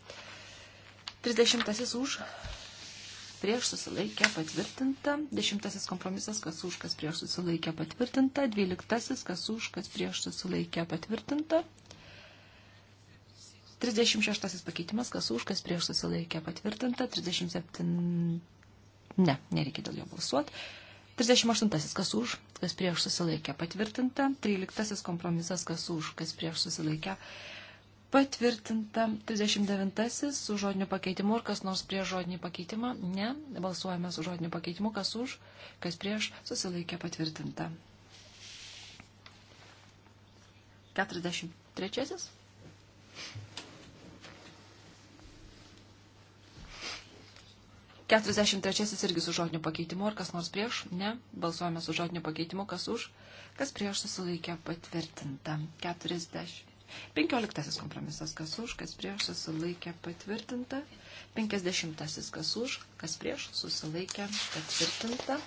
Speaker 2: 30 už. Prieš susilaikę patvirtinta. 10 kompromisas, kas už, kas prieš susilaikę patvirtinta. 12 kas už, kas prieš susilaikę patvirtinta. 36 pakeitimas, kas už, kas prieš susilaikę patvirtinta, 37... Ne, nereikia dėl jo balsuoti. 38. Kas už, kas prieš susilaikė patvirtinta. 13. Kompromisas. Kas už, kas prieš susilaikė patvirtinta. 39. Su žodiniu pakeitimu. Ar kas nors prieš žodinį pakeitimą? Ne. Balsuojame su žodiniu pakeitimu. Kas už, kas prieš susilaikė patvirtinta. 43. 43 irgi su žodiniu pakeitimu, ar kas nors prieš? Ne. Balsuojame su žodiniu pakeitimu, kas už, kas prieš susilaikė patvirtinta. 40. 15 kompromisas, kas už, kas prieš susilaikė patvirtinta. 50 kas už, kas prieš susilaikė patvirtinta.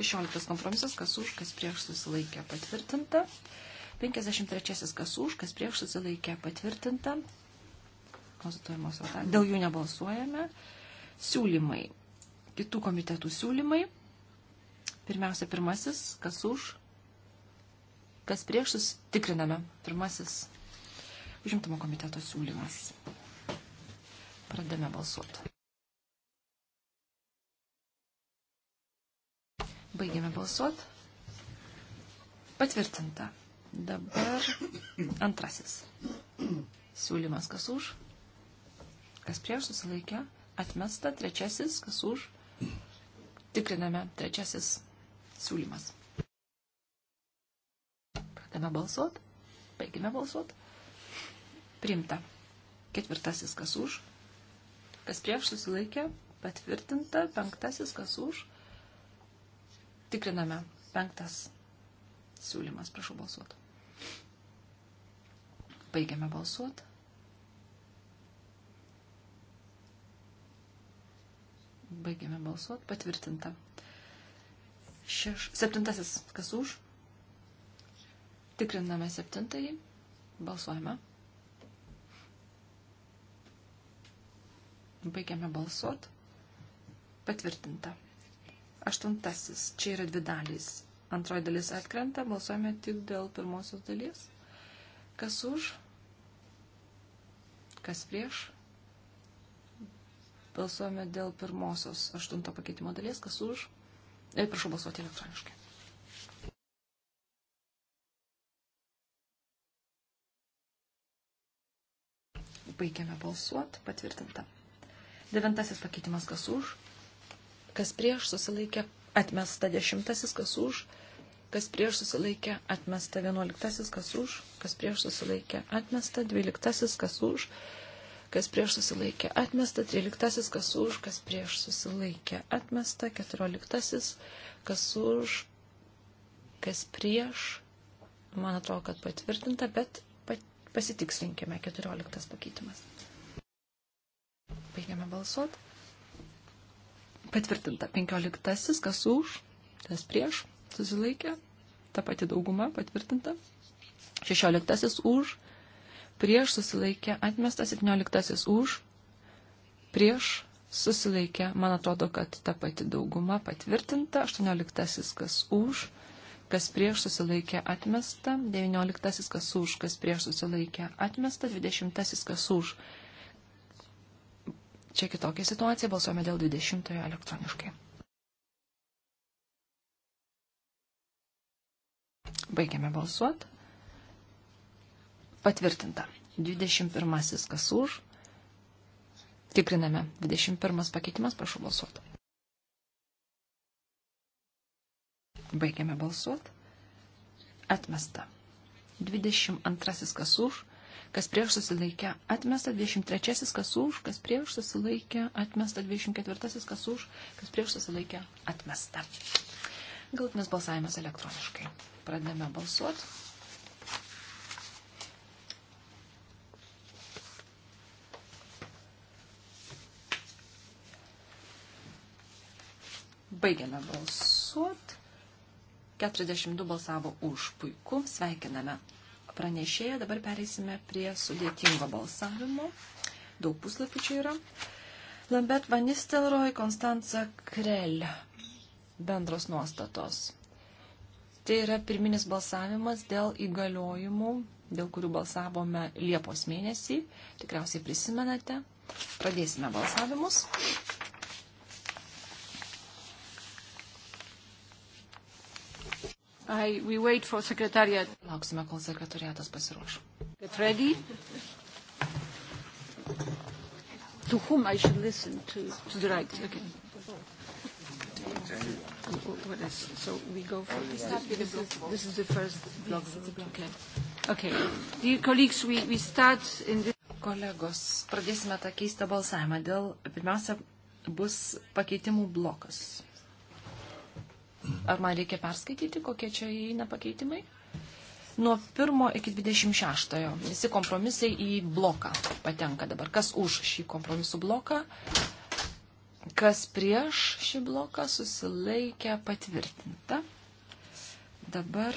Speaker 2: 16 kompromisas, kas už, kas prieš susilaikė patvirtinta. 53 kas už, kas prieš susilaikė patvirtinta. Konstatuojamos Dėl jų nebalsuojame. Siūlymai kitų komitetų siūlymai. Pirmiausia, pirmasis, kas už, kas prieš, sustikriname. Pirmasis užimtumo komiteto siūlymas. Pradame balsuoti. Baigiame balsuoti. Patvirtinta. Dabar antrasis. Siūlymas kas už, kas prieš susilaikė, atmesta, trečiasis kas už, Tikriname trečiasis siūlymas. Pradame balsuot. Baigime balsuot. Primta. Ketvirtasis kas už. Kas prieš susilaikė. Patvirtinta. Penktasis kas už. Tikriname. Penktas siūlymas. Prašau balsuot. Baigiame balsuot. Baigiame balsuoti. Patvirtinta. Šeš... Septintasis. Kas už? Tikriname septintąjį. Balsuojame. Baigiame balsuoti. Patvirtinta. Aštuntasis. Čia yra dvi dalys. Antroji dalis atkrenta. Balsuojame tik dėl pirmosios dalies. Kas už? Kas prieš? Balsuojame dėl pirmosios aštunto pakeitimo dalies, kas už. Ir e, prašau balsuoti elektroniškai. Baigiame balsuoti, patvirtinta. Devintasis pakeitimas, kas už. Kas prieš susilaikė, atmesta dešimtasis, kas už. Kas prieš susilaikė, atmesta vienuoliktasis, kas už. Kas prieš susilaikė, atmesta dvyliktasis, kas už. Kas kas prieš susilaikė atmesta, 13 kas už, kas prieš susilaikė atmesta, 14 kas už, kas prieš, man atrodo, kad patvirtinta, bet pasitikslinkime 14 pakeitimas. Baigiame balsuoti. Patvirtinta 15, kas už, kas prieš, susilaikė, ta pati dauguma patvirtinta. 16 už, prieš susilaikė atmestas, 17 už, prieš susilaikė, man atrodo, kad ta pati dauguma patvirtinta, 18 kas už, kas prieš susilaikė atmesta, 19 kas už, kas prieš susilaikė atmesta, 20 kas už. Čia kitokia situacija, balsuojame dėl 20 elektroniškai. Baigiame balsuoti. Patvirtinta. 21 kas už. Tikriname. 21 pakeitimas, prašau balsuoti. Baigiame balsuoti. Atmesta. 22 kas už, kas prieš susilaikė. Atmesta 23 kas už, kas prieš susilaikė. Atmesta 24 kas už, kas prieš susilaikė. Atmesta. Galutinis balsavimas elektroniškai. Pradedame balsuoti. Baigiame balsuoti. 42 balsavo už. Puiku. Sveikiname pranešėją. Dabar pereisime prie sudėtingo balsavimo. Daug puslapių čia yra. Lambert Vanistelroj, Konstanca Krell. Bendros nuostatos. Tai yra pirminis balsavimas dėl įgaliojimų, dėl kurių balsavome Liepos mėnesį. Tikriausiai prisimenate. Pradėsime balsavimus. I, we wait for secretariat. Lauksime, kol sekretariatas pasiruoš. Get ready. To whom I should listen? To, to the right. Okay. What is, so we go for we start with this, is, this is the first block. Okay. okay. Dear colleagues, we, we start in this... Kolegos, pradėsime tą keistą balsavimą. Dėl, pirmiausia, bus pakeitimų blokas. Ar man reikia perskaityti, kokie čia įeina pakeitimai? Nuo 1 iki 26 visi kompromisai į bloką patenka dabar. Kas už šį kompromisų bloką, kas prieš šį bloką susilaikė patvirtinta. Dabar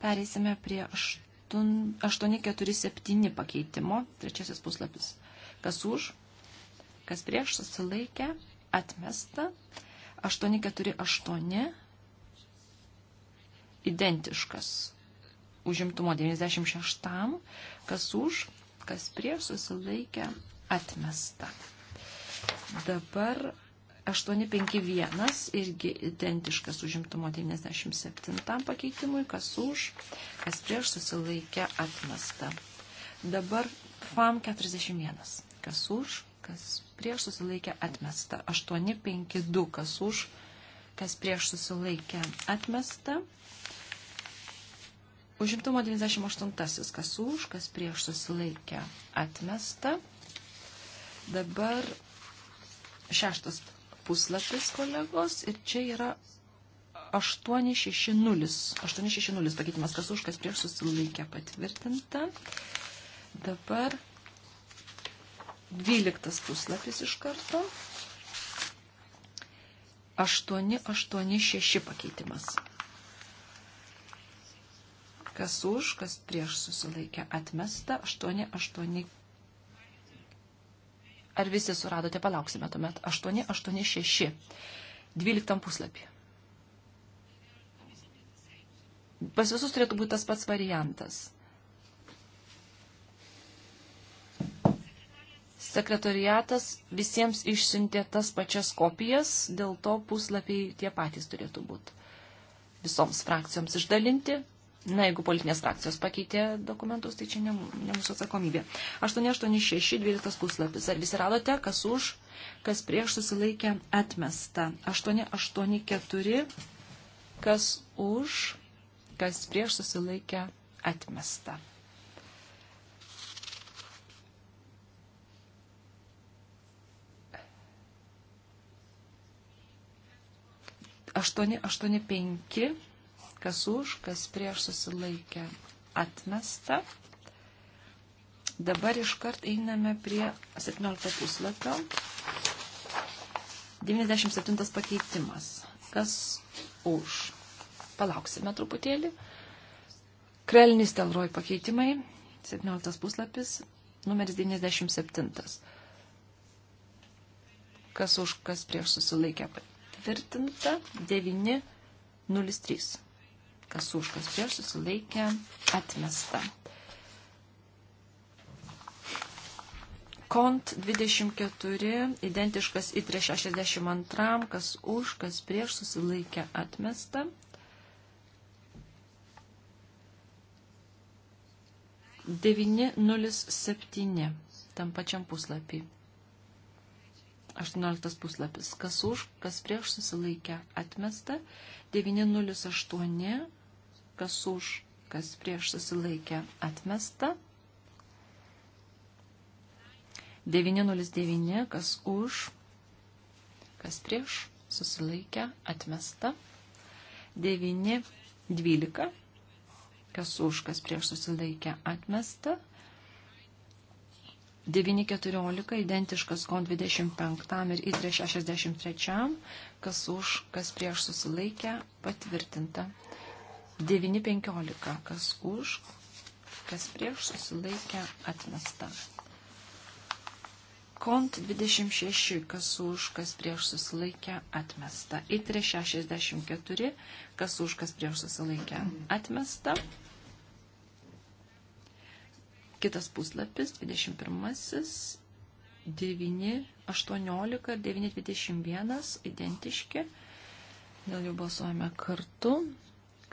Speaker 2: Pereisime prie 847 pakeitimo, trečiasis puslapis. Kas už, kas prieš susilaikė, atmesta. 848 identiškas užimtumo 96, kas už, kas prieš susilaikė, atmesta. Dabar 851 irgi identiškas užimtumo 97 pakeitimui, kas už, kas prieš susilaikė atmesta. Dabar FAM 41, kas už, kas prieš susilaikė atmesta. 852, kas už, kas prieš susilaikė atmesta. Užimtumo 98, kas už, kas prieš susilaikė atmesta. Dabar šeštas puslapis, kolegos, ir čia yra 860, 860 pakeitimas, kas už, kas prieš susilaikė patvirtinta. Dabar 12 puslapis iš karto. 886 pakeitimas. Kas už, kas prieš susilaikė atmesta. 88. Ar visi suradote, palauksime tuomet. 886. 12 puslapį. Pas visus turėtų būti tas pats variantas. sekretariatas visiems išsiuntė tas pačias kopijas, dėl to puslapiai tie patys turėtų būti visoms frakcijoms išdalinti. Na, jeigu politinės frakcijos pakeitė dokumentus, tai čia ne, ne mūsų atsakomybė. 886, 12 puslapis. Ar visi radote, kas už, kas prieš susilaikė atmesta? 884, kas už, kas prieš susilaikė atmesta. 885, kas už, kas prieš susilaikę atmesta. Dabar iškart einame prie 17 puslapio. 97 pakeitimas. Kas už? Palauksime truputėlį. Krelnis Telroj pakeitimai. 17 puslapis. Numeris 97. Kas už, kas prieš susilaikę patvirtinta 903. Kas už, kas prieš susilaikė atmesta. Kont 24, identiškas į 362, kas už, kas prieš susilaikė atmesta. Devini nulis septyni tam pačiam puslapį. 18 puslapis. Kas už, kas prieš susilaikė atmesta. 908. Kas už, kas prieš susilaikė atmesta. 909. Kas už, kas prieš susilaikė atmesta. 912. Kas už, kas prieš susilaikė atmesta. 913 9.14 identiškas kon 25 ir itre 63, kas už, kas prieš susilaikę, patvirtinta. 9.15, kas už, kas prieš susilaikę, atmesta. Kont 26, kas už, kas prieš susilaikę, atmesta. Itre 64, kas už, kas prieš susilaikę, atmesta. Mm. Kitas puslapis, 21, 9, 18 ir 9, 21, identiški. Dėl jų balsuojame kartu,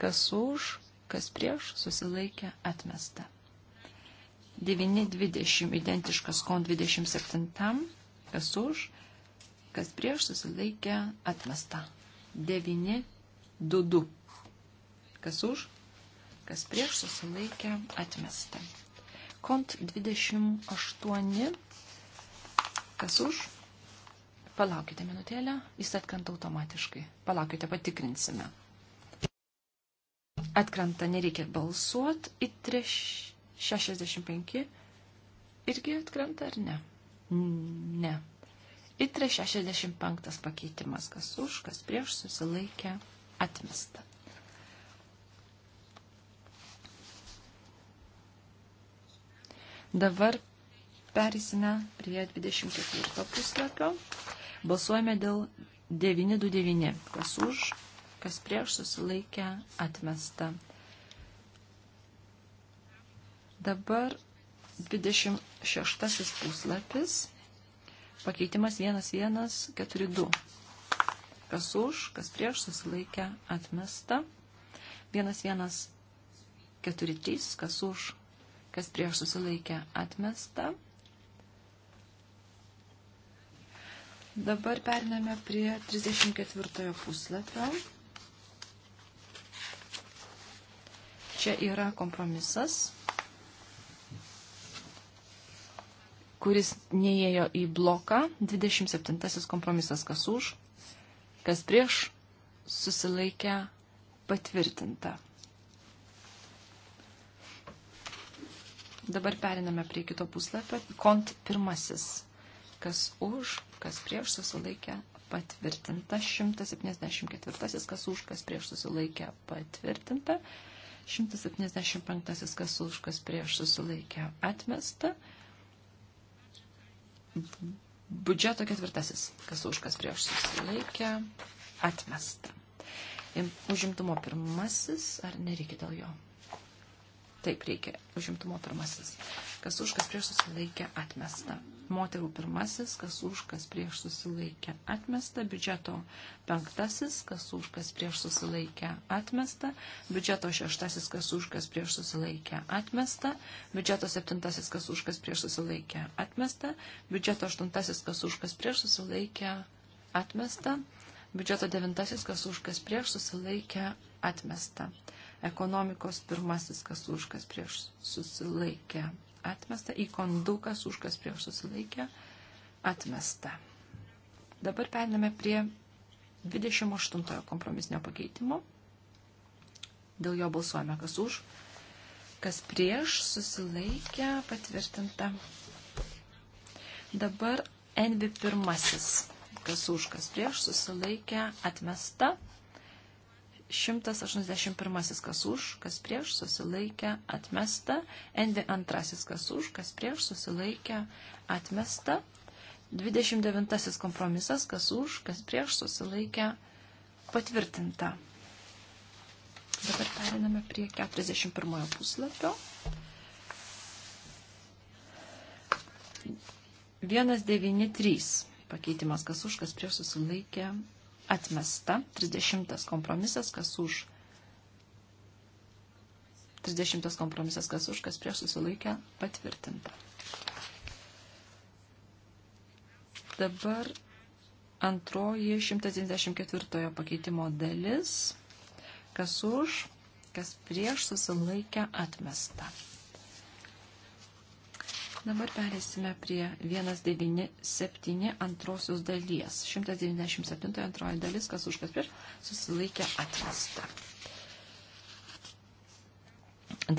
Speaker 2: kas už, kas prieš, susilaikė, atmesta. 9, 20, identiškas kon 27, kas už, kas prieš, susilaikė, atmesta. 9, 2, 2, kas už, kas prieš, susilaikė, atmesta. Kont 28. Kas už? Palaukite minutėlę, jis atkrenta automatiškai. Palaukite, patikrinsime. Atkrenta, nereikia balsuot. Į 65 irgi atkrenta ar ne? Ne. Į 365 pakeitimas, kas už, kas prieš susilaikė, atmesta. Dabar perėsime prie 24 puslapio. Balsuojame dėl 929. Kas už, kas prieš susilaikę atmesta. Dabar 26 puslapis. Pakeitimas 1142. Kas už, kas prieš susilaikę atmesta. 1143. Kas už, kas prieš susilaikė atmesta. Dabar periname prie 34 puslapio. Čia yra kompromisas, kuris neėjo į bloką. 27 kompromisas kas už, kas prieš susilaikę patvirtinta. Dabar periname prie kito puslapio. Kont pirmasis. Kas už, kas prieš susilaikė patvirtinta. 174. Kas už, kas prieš susilaikė patvirtinta. 175. Kas už, kas prieš susilaikė atmesta. Budžeto ketvirtasis. Kas už, kas prieš susilaikė atmesta. Užimtumo pirmasis, ar nereikia dėl jo? Taip reikia. Užimtumo pirmasis. Kas už, kas prieš susilaikė atmesta. Moterų pirmasis, kas už, kas prieš susilaikė atmesta. Biudžeto penktasis, kas už, kas prieš susilaikė atmesta. Biudžeto šeštasis, kas už, kas prieš susilaikė atmesta. Biudžeto septintasis, kas už, kas prieš susilaikė atmesta. Biudžeto aštuntasis, kas už, kas prieš susilaikė atmesta. Biudžeto devintasis, kas už, kas prieš susilaikė atmesta ekonomikos pirmasis, kas už, kas prieš susilaikę atmesta, ikon du, kas už, kas prieš susilaikę atmesta. Dabar periname prie 28 kompromisinio pakeitimo. Dėl jo balsuojame, kas už, kas prieš susilaikę patvirtinta. Dabar Envi pirmasis, kas už, kas prieš susilaikę atmesta. 181 kas už, kas prieš susilaikę atmesta, NV2 kas už, kas prieš susilaikę atmesta, 29 kompromisas kas už, kas prieš susilaikę patvirtinta. Dabar periname prie 41 puslapio. 193 pakeitimas kas už, kas prieš susilaikė atmesta. 30 kompromisas, kas už. 30 kompromisas, kas už, kas prieš susilaikę, patvirtinta. Dabar antroji 194 pakeitimo dalis, kas už, kas prieš susilaikę atmesta. Dabar perėsime prie 197 antrosios dalies. 197 antroji dalis, kas už kas prieš, susilaikė atrasta.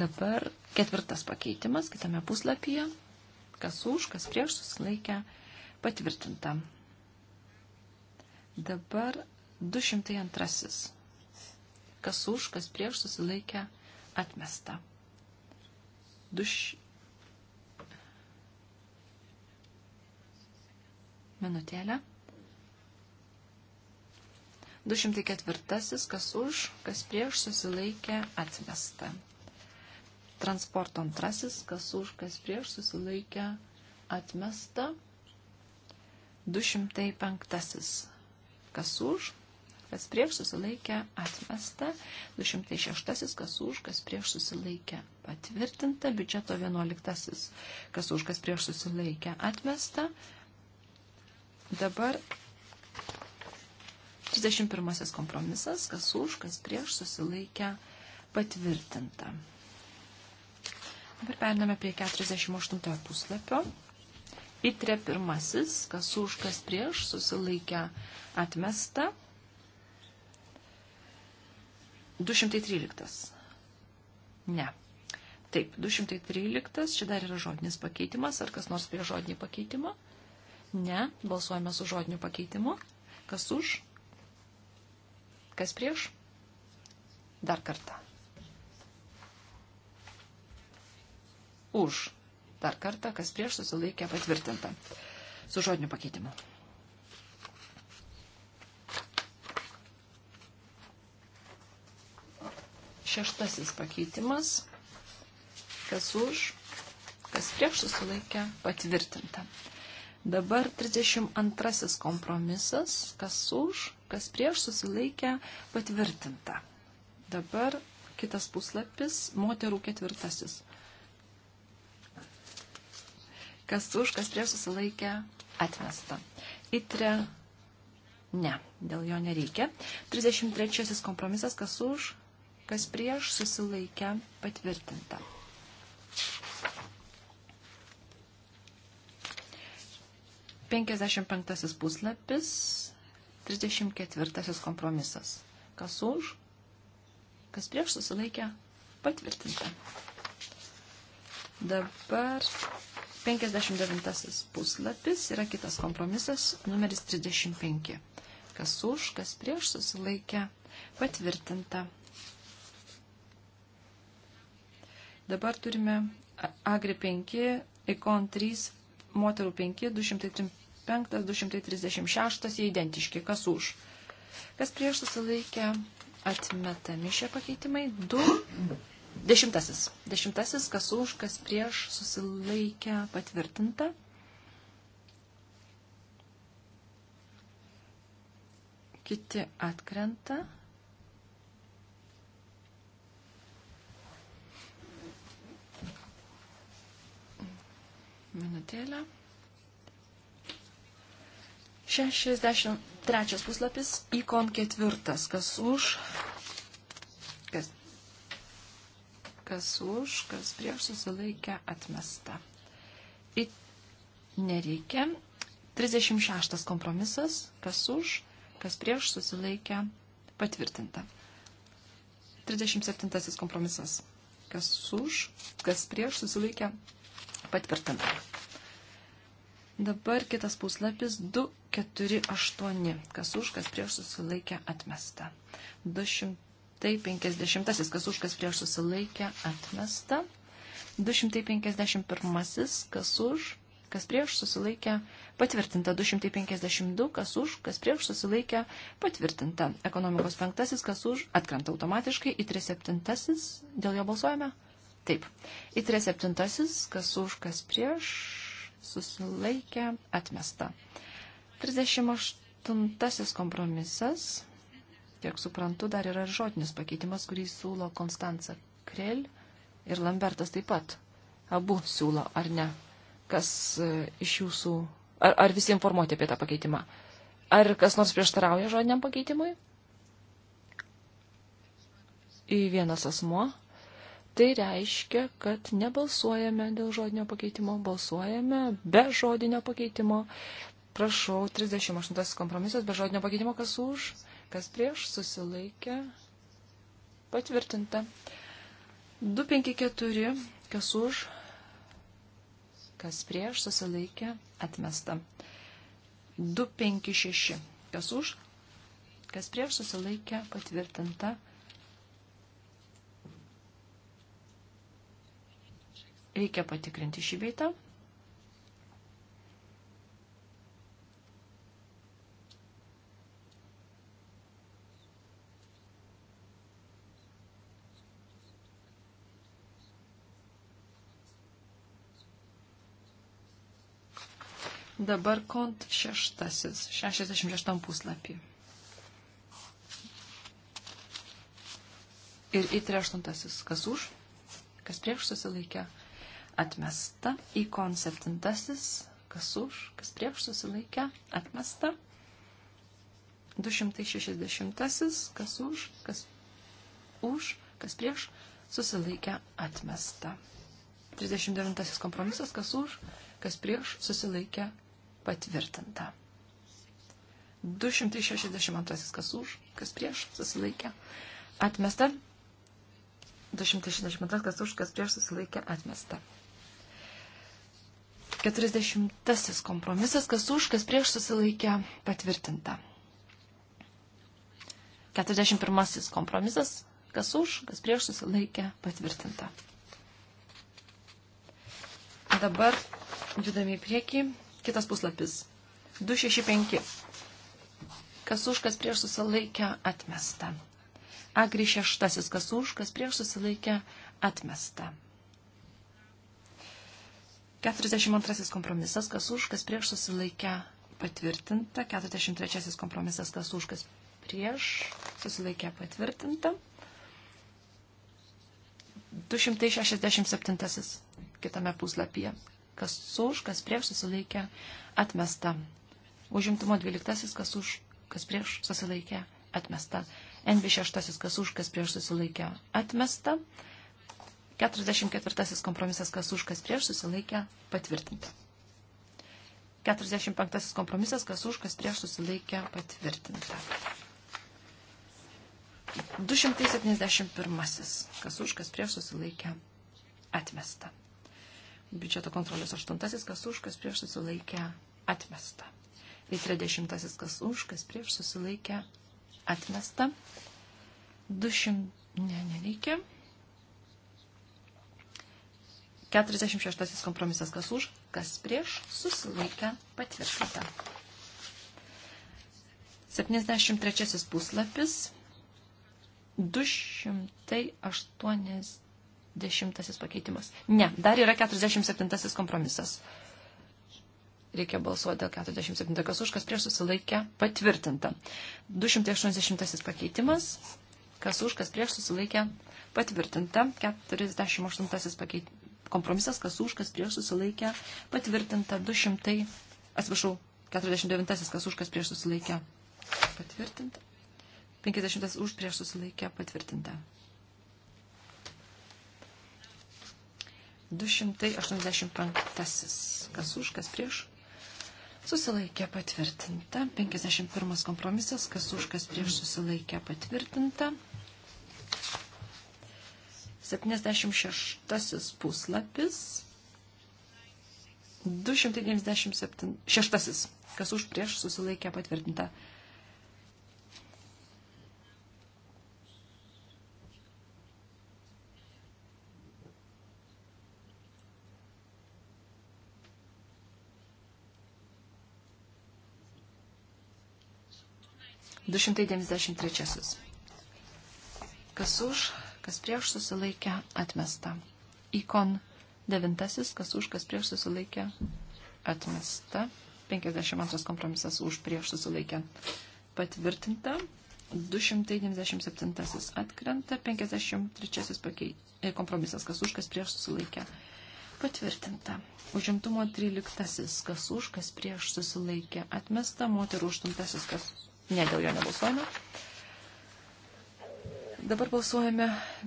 Speaker 2: Dabar ketvirtas pakeitimas kitame puslapyje. Kas už, kas prieš, susilaikė patvirtinta. Dabar 202. Kas už, kas prieš, susilaikė atmesta. 200. Minutėlę. 204. Kas už, kas prieš susilaikė atmesta. Transporto antrasis, kas už, kas prieš susilaikė atmesta. 205. Kas už, kas prieš susilaikė atmesta. 206. Kas už, kas prieš susilaikė patvirtinta. Biudžeto 11. Kas už, kas prieš susilaikė atmesta. 207. Dabar 31 kompromisas, kas už, kas prieš, susilaikę patvirtinta. Dabar periname prie 48 puslapio. Itre pirmasis, kas už, kas prieš, susilaikę atmesta. 213. Ne. Taip, 213, čia dar yra žodinis pakeitimas, ar kas nors prie žodinį pakeitimą. Ne, balsuojame su žodiniu pakeitimu. Kas už? Kas prieš? Dar kartą. Už. Dar kartą, kas prieš susilaikė patvirtinta. Su žodiniu pakeitimu. Šeštasis pakeitimas. Kas už, kas prieš susilaikė patvirtinta. Dabar 32 kompromisas, kas už, kas prieš susilaikę patvirtinta. Dabar kitas puslapis, moterų ketvirtasis. Kas už, kas prieš susilaikę atmesta. Itre ne, dėl jo nereikia. 33 kompromisas, kas už, kas prieš susilaikę patvirtinta. 55 puslapis, 34 kompromisas. Kas už, kas prieš susilaikė, patvirtinta. Dabar 59 puslapis yra kitas kompromisas, numeris 35. Kas už, kas prieš susilaikė, patvirtinta. Dabar turime Agri 5, Ikon 3, moterų 5, 203, 235, 236, jie identiški, kas už. Kas prieš susilaikė atmetami šie pakeitimai. 2. Dešimtasis. Dešimtasis, kas už, kas prieš susilaikė patvirtinta. Kiti atkrenta. Minutėlę. 63 puslapis, įkom ketvirtas. Kas už, kas, kas už, kas prieš susilaikę atmesta. Į nereikia. 36 kompromisas, kas už, kas prieš susilaikę patvirtinta. 37 kompromisas, kas už, kas prieš susilaikę patvirtinta. Dabar kitas puslapis 248. Kas už, kas prieš susilaikę atmesta. 250. Kas už, kas prieš susilaikę atmesta. 251. Kas už, kas prieš susilaikę patvirtinta. 252. Kas už, kas prieš susilaikę patvirtinta. Ekonomikos penktasis. Kas už, atkrenta automatiškai. Į 37. Dėl jo balsuojame. Taip. Į 37. Kas už, kas prieš susilaikę, atmesta. 38 kompromisas, kiek suprantu, dar yra ir žodinis pakeitimas, kurį siūlo Konstanca Krell ir Lambertas taip pat. Abu siūlo, ar ne? Kas e, iš jūsų, ar, ar visi informuoti apie tą pakeitimą? Ar kas nors prieštarauja žodiniam pakeitimui? Į vienas asmo Tai reiškia, kad nebalsuojame dėl žodinio pakeitimo, balsuojame be žodinio pakeitimo. Prašau, 38 kompromisas be žodinio pakeitimo, kas už, kas prieš, susilaikė, patvirtinta. 254, kas už, kas prieš, susilaikė, atmesta. 256, kas už, kas prieš, susilaikė, patvirtinta. Reikia patikrinti šį beitą. Dabar kont šeštasis, 66 puslapį. Ir į 38, kas už, kas prieš susilaikę, atmesta, ikon septintasis, kas už, kas prieš susilaikė, atmesta, 260, kas už, kas už, kas prieš susilaikė, atmesta. 39 kompromisas, kas už, kas prieš susilaikė, patvirtinta. 262 kas už, kas prieš susilaikė, atmesta. 262 kas už, kas prieš susilaikė atmesta. 40 kompromisas, kas už, kas prieš susilaikė patvirtinta. 41 kompromisas, kas už, kas prieš susilaikė patvirtinta. Dabar judami į priekį, kitas puslapis. 265. Kas už, kas prieš susilaikę atmesta. Agri šeštasis, kas už, kas prieš susilaikę atmesta. 42 kompromisas, kas už, kas prieš susilaikę patvirtinta. 43 kompromisas, kas už, kas prieš susilaikę patvirtinta. 267 kitame puslapyje, kas už, kas prieš susilaikę atmesta. Užimtumo 12, kas už, kas prieš susilaikę atmesta. NB6, kas už, kas prieš susilaikę atmesta. 44 kompromisas, kas už, kas prieš, susilaikė patvirtinta. 45 kompromisas, kas už, kas prieš, susilaikė patvirtinta. 271, kas už, kas prieš, susilaikė atmesta. Biudžeto kontrolės 8, kas už, kas prieš, susilaikė atmesta. Ir 30, kas už, kas prieš, susilaikė atmesta. 200, ne, nereikia. Ne, 46 kompromisas kas už, kas prieš, susilaikę patvirtinta. 73 puslapis, 280 pakeitimas. Ne, dar yra 47 kompromisas. Reikia balsuoti dėl 47 kas už, kas prieš susilaikę patvirtinta. 280 pakeitimas, kas už, kas prieš susilaikę patvirtinta. 48 pakeitimas Kompromisas, kas už, kas prieš susilaikę, patvirtinta 200, atsiprašau, 49 kas už, kas prieš susilaikę, patvirtinta. 50 už prieš susilaikę, patvirtinta. 285 kas už, kas prieš susilaikė patvirtinta. 51 kompromisas, kas už, kas prieš susilaikė patvirtinta. 76 puslapis. 296. Kas už prieš susilaikė patvirtinta. Du šimtai devyniasdešimt trečiasis. Kas už kas prieš susilaikė atmesta. Ikon devintasis, kas už, kas prieš susilaikė atmesta. 52 kompromisas už prieš susilaikė patvirtinta. 297 atkrenta, 53 pakei, e, kompromisas, kas už, kas prieš susilaikė. Patvirtinta. Užimtumo 13, kas už, kas prieš susilaikė. Atmesta, moterų 8, kas ne dėl jo nebalsuojame. Dabar balsuojame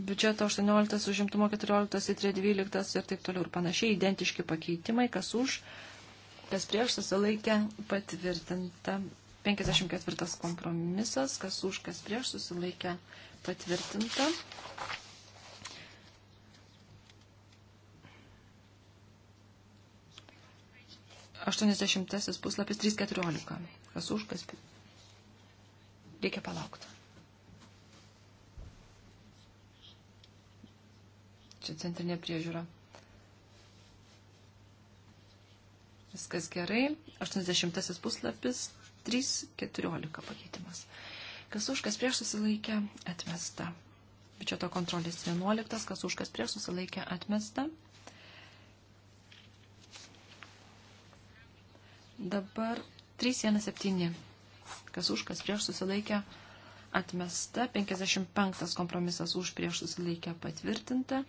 Speaker 2: biudžeto 18, užimtumo 14, įtrė 12 ir taip toliau ir panašiai. Identiški pakeitimai, kas už, kas prieš, susilaikė patvirtinta. 54 kompromisas, kas už, kas prieš, susilaikė patvirtinta. Aštuoniasdešimtasis puslapis 3.14. Kas už, kas... Reikia palaukti. Ačiū, centrinė priežiūra. Viskas gerai. 80 puslapis, 3.14 pakeitimas. Kas už, kas prieš susilaikė, atmesta. Bičioto kontrolės 11, kas už, kas prieš susilaikė, atmesta. Dabar 317. Kas už, kas prieš susilaikė, atmesta. 55 kompromisas už prieš susilaikė patvirtinta.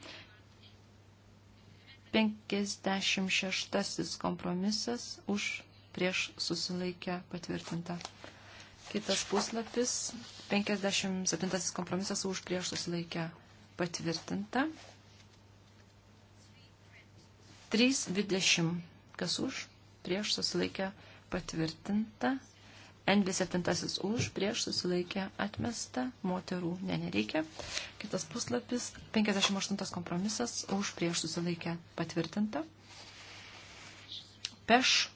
Speaker 2: 56 kompromisas už prieš susilaikę patvirtinta. Kitas puslapis 57 kompromisas už prieš susilaikę patvirtinta. 3.20 kas už prieš susilaikę patvirtinta. NB7 už, prieš susilaikė atmesta, moterų ne, nereikia. Kitas puslapis, 58 kompromisas, už, prieš susilaikė patvirtinta. Peš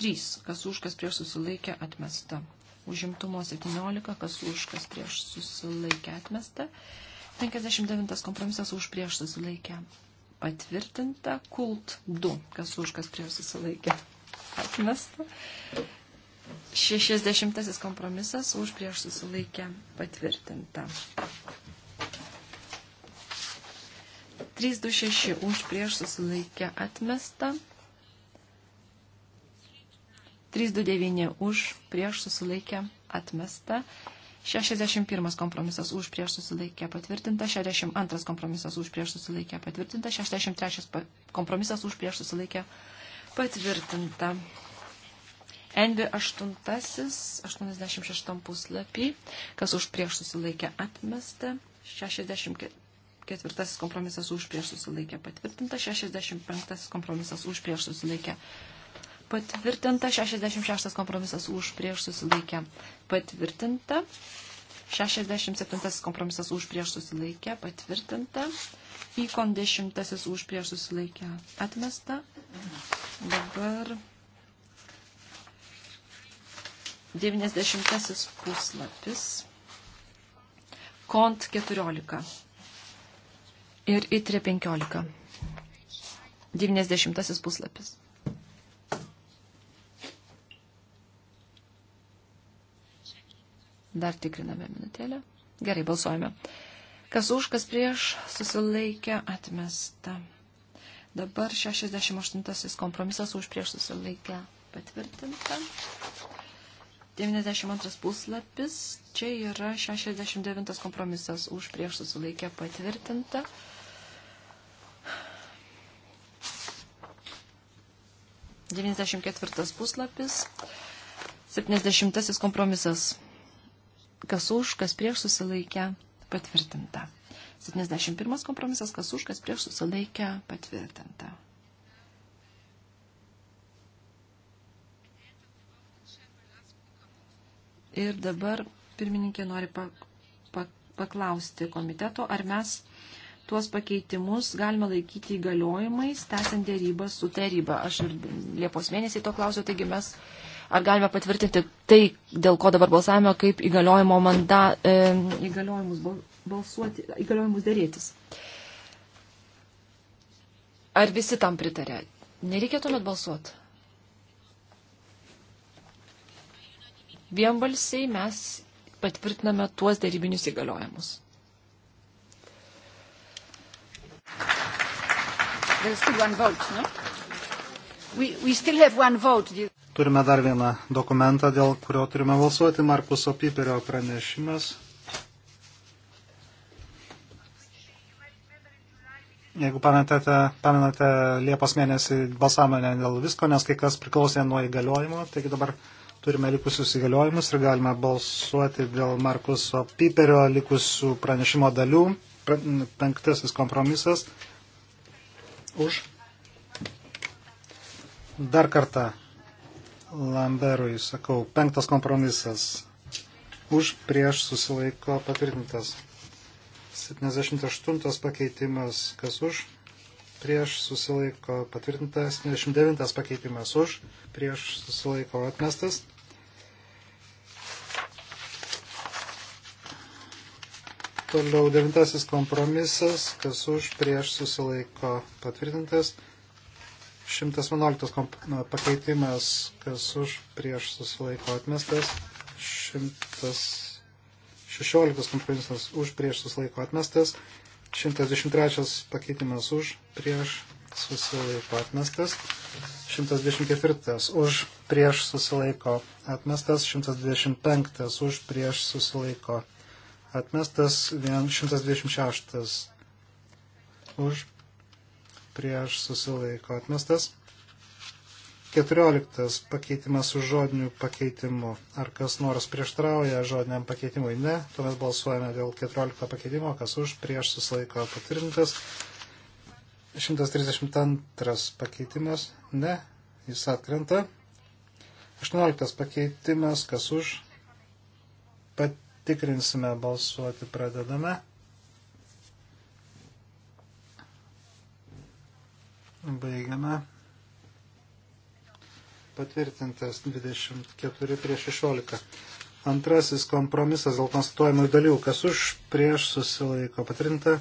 Speaker 2: 3, kas už, kas prieš susilaikė atmesta. Užimtumo 17, kas už, kas prieš susilaikė atmesta. 59 kompromisas už prieš susilaikė patvirtinta. Kult 2, kas už, kas prieš susilaikė atmesta. 60 kompromisas už prieš susilaikę patvirtinta. 326 už prieš susilaikę atmesta. 329 už prieš susilaikę atmesta. 61 kompromisas už prieš susilaikę patvirtinta, 62 kompromisas už prieš susilaikę patvirtinta, 63 kompromisas už prieš susilaikę patvirtinta. NV8, 86 puslapį, kas už prieš susilaikė atmesta, 64 kompromisas už prieš susilaikė patvirtinta, 65 kompromisas už prieš susilaikė patvirtinta, 66 kompromisas už prieš susilaikė patvirtinta, 67 kompromisas už prieš susilaikę patvirtinta, įkon 10 už prieš susilaikę atmesta. Dabar 90 puslapis. Kont 14 ir itrė 15. 90 puslapis. Dar tikriname minutėlę. Gerai, balsuojame. Kas už, kas prieš, susilaikė, atmesta. Dabar 68 kompromisas už prieš susilaikę patvirtinta. 92 puslapis, čia yra 69 kompromisas už prieš susilaikę patvirtinta. Devyniasdešimt ketvirtas puslapis, septyniasdešimtasis kompromisas, kas už, kas prieš susilaikę, patvirtinta. Septyniasdešimt pirmas kompromisas, kas už, kas prieš susilaikę, patvirtinta. Ir dabar pirmininkė nori pa, pa, paklausti komiteto, ar mes tuos pakeitimus galime laikyti įgaliojimais, tęsiant dėrybą su taryba. Aš ir Liepos mėnesį to klausiau, taigi mes ar galime patvirtinti tai, dėl ko dabar balsavome, kaip įgaliojimo manda, e, įgaliojimus balsuoti, įgaliojimus dėrėtis. Ar visi tam pritarė? Nereikia tuomet balsuoti. vienbalsiai mes patvirtiname tuos darybinius įgaliojimus.
Speaker 1: Turime dar vieną dokumentą, dėl kurio turime balsuoti. Markuso Piperio pranešimas. Jeigu pamenate, pamenate Liepos mėnesį balsavome ne dėl visko, nes kai kas priklausė nuo įgaliojimo, taigi dabar turime likusius įgaliojimus ir galime balsuoti dėl Markuso Piperio likusių pranešimo dalių. Penktasis kompromisas. Už. Dar kartą Lamberui sakau, penktas kompromisas. Už prieš susilaiko patvirtintas. 78 pakeitimas. Kas už? prieš susilaiko patvirtintas, 29 pakeitimas už, prieš susilaiko atmestas, Toliau devintasis kompromisas, kas už prieš susilaiko patvirtintas. 111 pakeitimas, kas už prieš susilaiko atmestas. 116 kompromisas už prieš susilaiko atmestas. 113 pakeitimas už prieš susilaiko atmestas. 124 už prieš susilaiko atmestas. 125 už prieš susilaiko atmestas Atmestas 126 už prieš susilaiko atmestas. 14 pakeitimas su žodiniu pakeitimu. Ar kas nors prieštrauja žodiniam pakeitimui? Ne. Tuomet balsuojame dėl 14 pakeitimo, kas už prieš susilaiko patvirtintas. 132 pakeitimas. Ne. Jis atkrenta. 18 pakeitimas, kas už. Pat Tikrinsime, balsuoti pradedame. Baigiame. Patvirtintas 24 prieš 16. Antrasis kompromisas dėl konstatuojamų dalių. Kas už prieš susilaiko patvirtinta.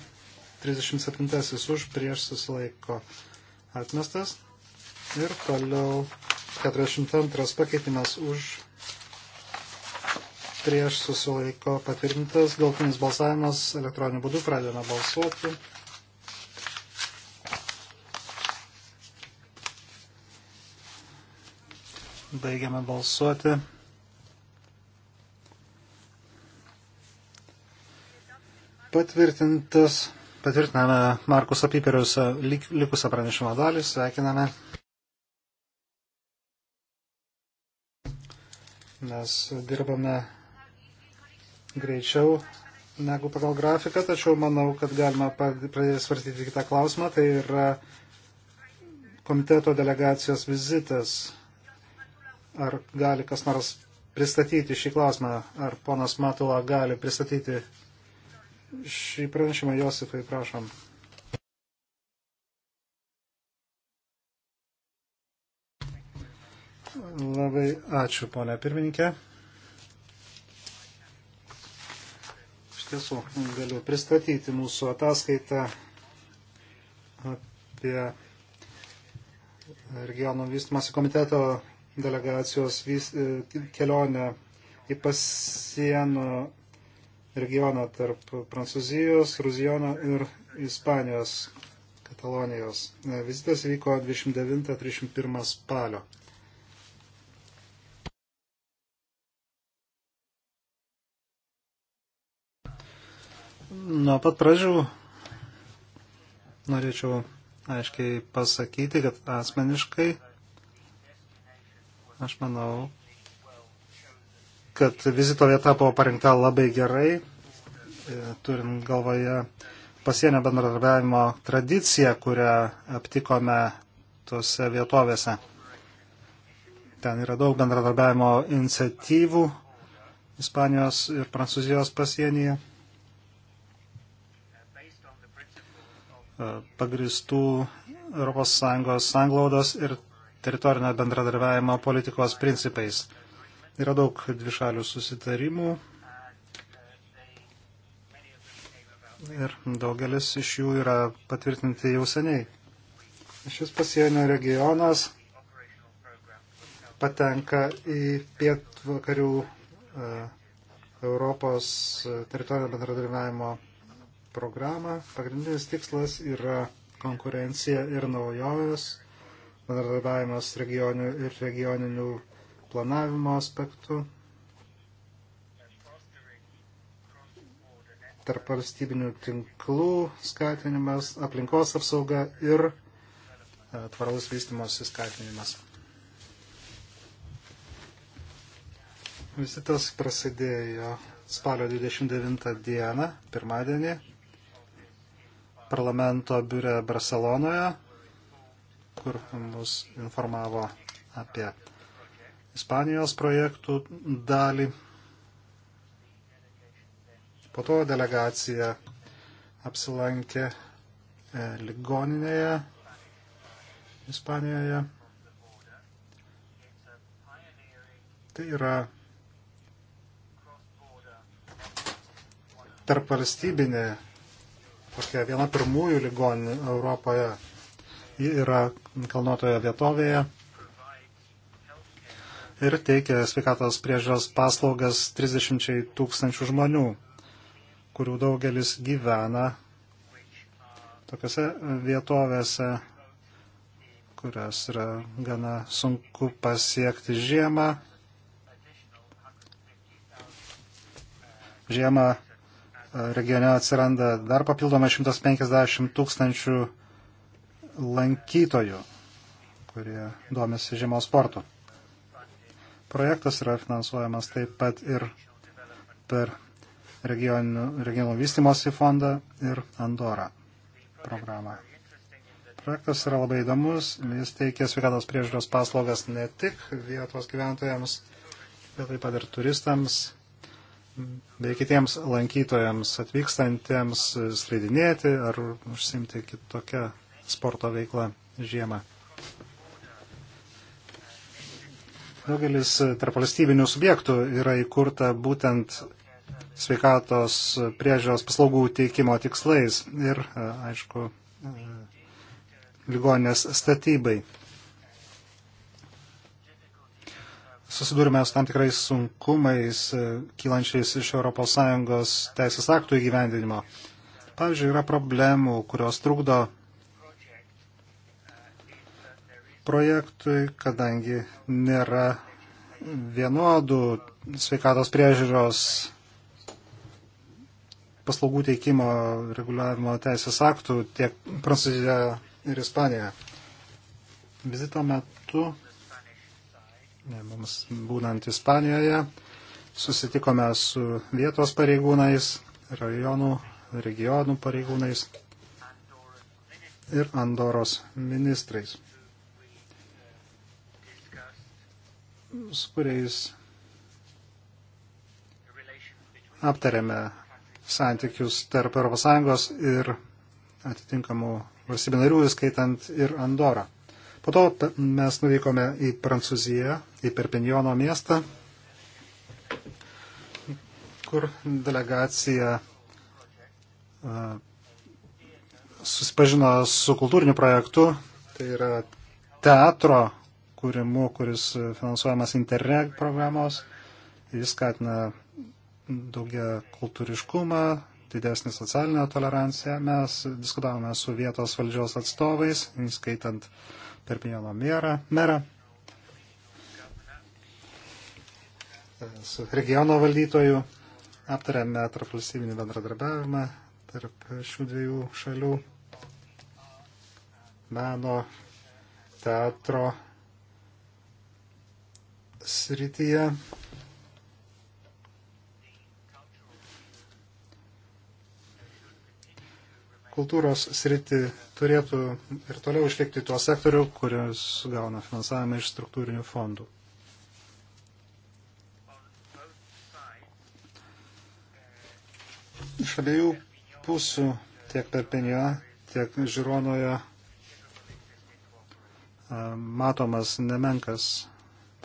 Speaker 1: 37 už prieš susilaiko atmestas. Ir toliau 42 pakeitimas už prieš susilaiko patvirtintas. Galtinis balsavimas elektroniniu būdu pradedame balsuoti. Baigiame balsuoti. Patvirtintas. Patvirtiname Markus Apiperius likusią pranešimo dalį. Sveikiname. mes dirbame greičiau negu pagal grafiką, tačiau manau, kad galima pradėti svarstyti kitą klausimą. Tai yra komiteto delegacijos vizitas. Ar gali kas nors pristatyti šį klausimą? Ar ponas Matula gali pristatyti šį pranešimą Josifai, prašom. Labai ačiū, ponia pirmininkė. tiesiog galiu pristatyti mūsų ataskaitą apie regionų vystimasi komiteto delegacijos vys, e, kelionę į pasienų regioną tarp Prancūzijos, Ruzijono ir Ispanijos, Katalonijos. E, vizitas vyko 29-31 spalio. Nuo pat pradžių norėčiau aiškiai pasakyti, kad asmeniškai aš manau, kad vizito vieta buvo parinkta labai gerai, e, turint galvoje pasienio bendradarbiavimo tradiciją, kurią aptikome tose vietovėse. Ten yra daug bendradarbiavimo iniciatyvų Ispanijos ir Prancūzijos pasienyje. pagristų ES sanglaudos ir teritorinio bendradarbiavimo politikos principais. Yra daug dvišalių susitarimų ir daugelis iš jų yra patvirtinti jau seniai. Šis pasienio regionas patenka į pietvakarių e, Europos teritorinio bendradarbiavimo programą. Pagrindinis tikslas yra konkurencija ir naujovės, bendradarbiavimas regionių ir regioninių planavimo aspektų, tarp valstybinių tinklų skatinimas, aplinkos apsauga ir e, tvarus vystimos skatinimas. Visitas prasidėjo spalio 29 dieną, pirmadienį parlamento biure Barcelonoje, kur mus informavo apie Ispanijos projektų dalį. Po to delegacija apsilankė e, ligoninėje Ispanijoje. Tai yra tarp valstybinė tokia viena pirmųjų ligoninių Europoje. Ji yra kalnuotoje vietovėje ir teikia sveikatos priežiūros paslaugas 30 tūkstančių žmonių, kurių daugelis gyvena tokiose vietovėse, kurias yra gana sunku pasiekti žiemą. Žiemą regione atsiranda dar papildomai 150 tūkstančių lankytojų, kurie domisi žiemos sportu. Projektas yra finansuojamas taip pat ir per regionų vystimosi fondą ir Andorą programą. Projektas yra labai įdomus, jis teikia sveikatos priežiūros paslaugas ne tik vietos gyventojams, bet taip pat ir turistams, bei kitiems lankytojams atvykstantiems slidinėti ar užsimti kitokią sporto veiklą žiemą. Daugelis tarpvalstybinių subjektų yra įkurta būtent sveikatos priežiūros paslaugų teikimo tikslais ir, aišku, ligonės statybai. susidurime su tam tikrais sunkumais e, kylančiais iš ES teisės aktų įgyvendinimo. Pavyzdžiui, yra problemų, kurios trukdo projektui, kadangi nėra vienodų sveikatos priežiūros paslaugų teikimo reguliavimo teisės aktų tiek Prancūzijoje ir Ispanijoje. Vizito metu mums būnant Ispanijoje. Susitikome su vietos pareigūnais, rajonų, regionų pareigūnais ir Andoros ministrais, su kuriais aptarėme santykius tarp ES ir atitinkamų valstybių narių, įskaitant ir Andorą. Po to mes nuvykome į Prancūziją, į Perpignono miestą, kur delegacija susipažino su kultūriniu projektu, tai yra teatro kūrimu, kuris finansuojamas Interreg programos. Jis skatina daugia kultūriškumą, didesnį socialinę toleranciją. Mes diskutavome su vietos valdžios atstovais, įskaitant uh, Perpinjano merą, su regiono valdytoju, aptarėme tarp valstybinį bendradarbiavimą tarp šių dviejų šalių meno teatro srityje. kultūros sritį turėtų ir toliau išlikti tuo sektoriu, kuris gauna finansavimą iš struktūrinių fondų. Iš abiejų pusių, tiek Perpinio, tiek Žironoje, matomas nemenkas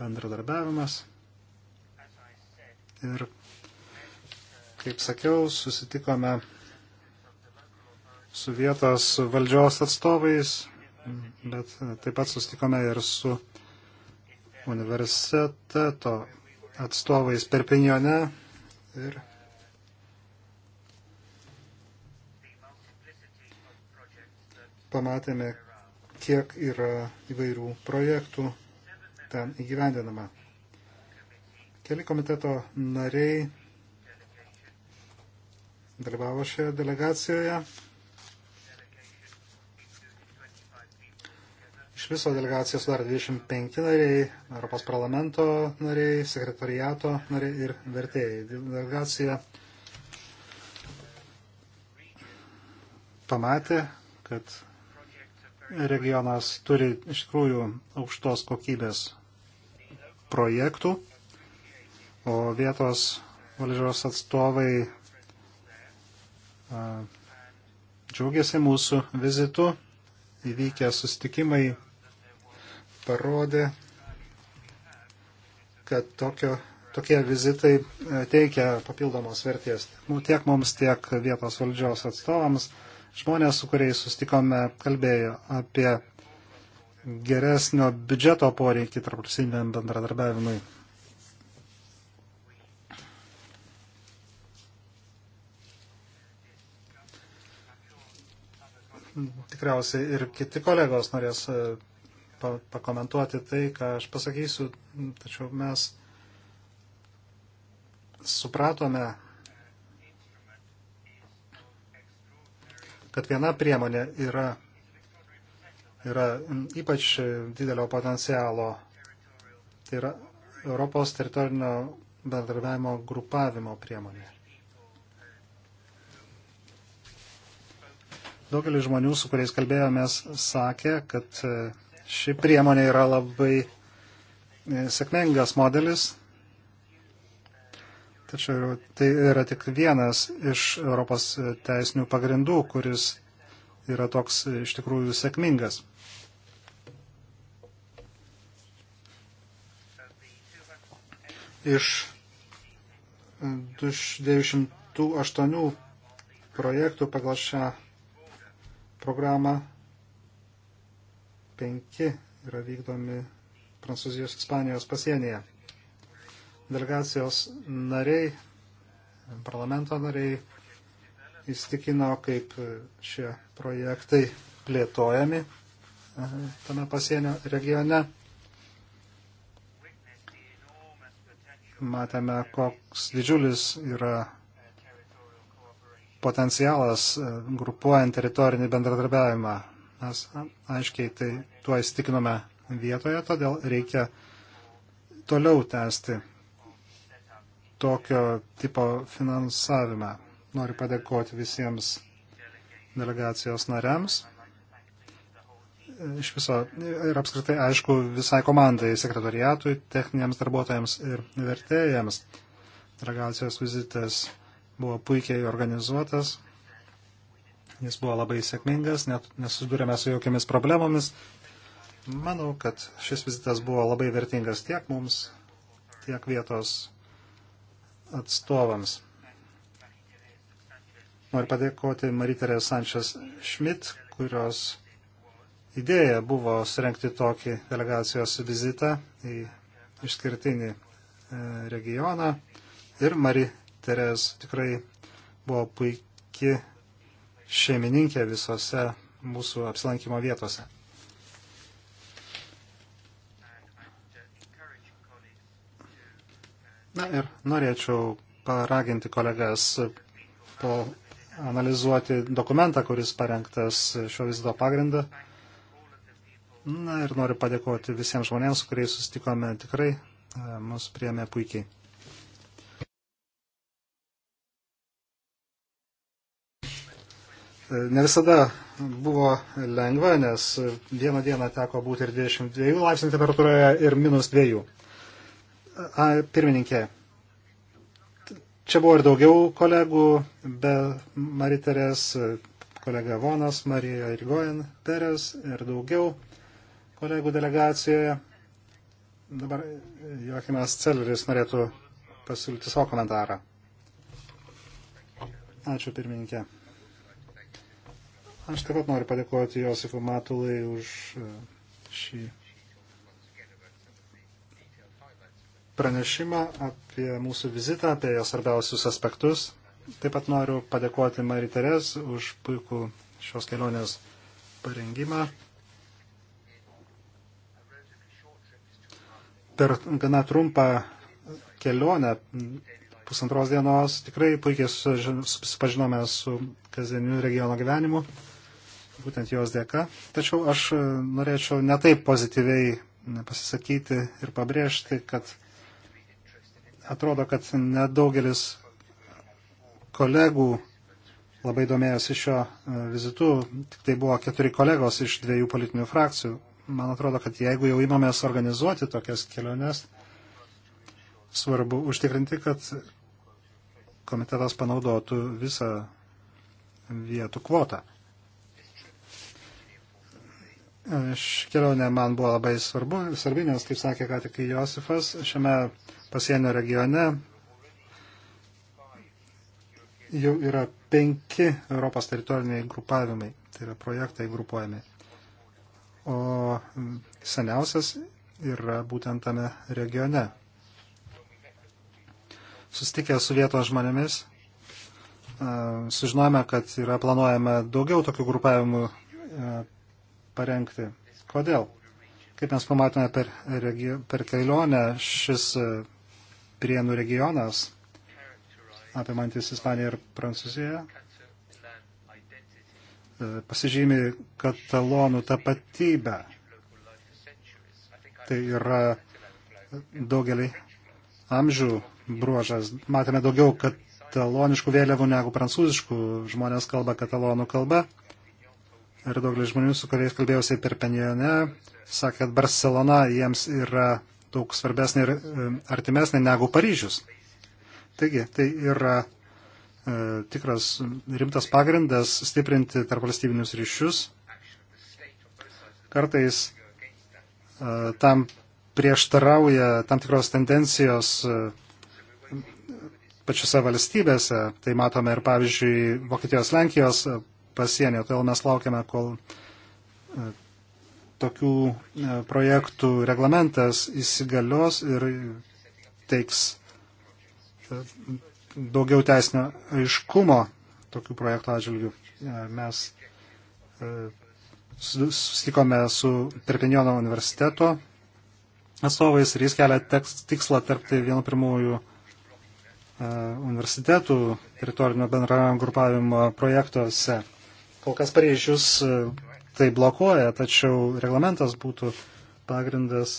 Speaker 1: bendradarbiavimas. Ir, kaip sakiau, susitikome su vietos valdžios atstovais, bet taip pat sustikome ir su universiteto atstovais Perpignone ir pamatėme, kiek yra įvairių projektų ten įgyvendinama. Keli komiteto nariai dalyvavo šioje delegacijoje. Iš viso delegacija sudarė 25 nariai, Europos parlamento nariai, sekretariato nariai ir vertėjai. Delegacija pamatė, kad regionas turi iš tikrųjų aukštos kokybės projektų, o vietos valdžios atstovai džiaugiasi mūsų vizitu, įvykę susitikimai parodė, kad tokio, tokie vizitai e, teikia papildomos vertės nu, tiek mums, tiek vietos valdžios atstovams. Žmonės, su kuriais sustikome, kalbėjo apie geresnio biudžeto poreikį tarptautiniam bendradarbiavimui. Tikriausiai ir kiti kolegos norės e, pa, pakomentuoti tai, ką aš pasakysiu, tačiau mes supratome, kad viena priemonė yra, yra ypač didelio potencialo. Tai yra Europos teritorinio bendradarbiavimo grupavimo priemonė. Daugelis žmonių, su kuriais kalbėjomės, sakė, kad Ši priemonė yra labai e, sėkmingas modelis, tačiau tai yra tik vienas iš Europos teisinių pagrindų, kuris yra toks e, iš tikrųjų sėkmingas. Iš 208 e, projektų pagal šią programą 5 yra vykdomi Prancūzijos-Ispanijos pasienyje. Delegacijos nariai, parlamento nariai įstikino, kaip šie projektai plėtojami tame pasienio regione. Matėme, koks didžiulis yra potencialas e, grupuojant teritorinį bendradarbiavimą Mes aiškiai tai tuo įstikinome vietoje, todėl reikia toliau tęsti tokio tipo finansavimą. Noriu padėkoti visiems delegacijos nariams. Iš viso ir apskritai, aišku, visai komandai, sekretariatui, techniniams darbuotojams ir vertėjams. Delegacijos vizitas buvo puikiai organizuotas. Jis buvo labai sėkmingas, net nesusidūrėme su jokiamis problemomis. Manau, kad šis vizitas buvo labai vertingas tiek mums, tiek vietos atstovams. Noriu padėkoti Mariterė Sančias Šmit, kurios idėja buvo surenkti tokį delegacijos vizitą į išskirtinį e, regioną. Ir Mari Teres tikrai buvo puikiai šeimininkė visose mūsų apsilankimo vietose. Na ir norėčiau paraginti kolegas po analizuoti dokumentą, kuris parengtas šio vizito pagrindą. Na ir noriu padėkoti visiems žmonėms, su kuriais susitikome tikrai, e, mus priemė puikiai. Ne visada buvo lengva, nes vieną dieną teko būti ir 22 laipsnių temperatūroje ir minus 2. A, pirmininkė, čia buvo ir daugiau kolegų, be Mariterės, kolega Vonas, Marija Irgojan, Perės ir daugiau kolegų delegacijoje. Dabar Joakimas Celeris norėtų pasiūlyti savo komentarą. Ačiū pirmininkė. Aš taip pat noriu padėkoti Josifui Matulai už e, šį pranešimą apie mūsų vizitą, apie jos svarbiausius aspektus. Taip pat noriu padėkoti Marie Teres už puikų šios kelionės parengimą. Per gana trumpą kelionę pusantros dienos tikrai puikiai susipažinome su kasdieniu regiono gyvenimu būtent jos dėka. Tačiau aš e, norėčiau netaip pozityviai pasisakyti ir pabrėžti, kad atrodo, kad nedaugelis kolegų labai domėjosi šio e, vizitu, tik tai buvo keturi kolegos iš dviejų politinių frakcijų. Man atrodo, kad jeigu jau įmamės organizuoti tokias keliones, svarbu užtikrinti, kad komitetas panaudotų visą vietų kvotą. Ši kelionė man buvo labai svarbu, svarbi, nes, kaip sakė ką tik Josifas, šiame pasienio regione jau yra penki Europos teritoriniai grupavimai, tai yra projektai grupuojami. O seniausias yra būtent tame regione. Sustikę su vietos žmonėmis, sužinojame, kad yra planuojama daugiau tokių grupavimų parengti. Kodėl? Kaip mes pamatome per, regio, per kelionę, šis e, Prienų regionas, apimantis Ispaniją ir Prancūziją, e, pasižymi katalonų tapatybę. Tai yra daugelį amžių bruožas. Matėme daugiau kataloniškų vėliavų negu prancūziškų. Žmonės kalba katalonų kalba ir daugelis žmonių, su kuriais kalbėjausi per Penjone, sakė, kad Barcelona jiems yra daug svarbesnė ir e, artimesnė negu Paryžius. Taigi, tai yra e, tikras rimtas pagrindas stiprinti tarp valstybinius ryšius. Kartais e, tam prieštarauja tam tikros tendencijos e, pačiose valstybėse. Tai matome ir, pavyzdžiui, Vokietijos-Lenkijos pasienio. Todėl mes laukiame, kol e, tokių e, projektų reglamentas įsigalios ir teiks e, daugiau teisinio aiškumo tokių projektų atžvilgių. Mes susitikome su Perpinjono universiteto atstovais ir jis kelia tekst, tikslą tarpti vienu pirmųjų universitetų teritorinio bendravimo grupavimo projektuose. Kol kas Paryžius e, tai blokuoja, tačiau reglamentas būtų pagrindas,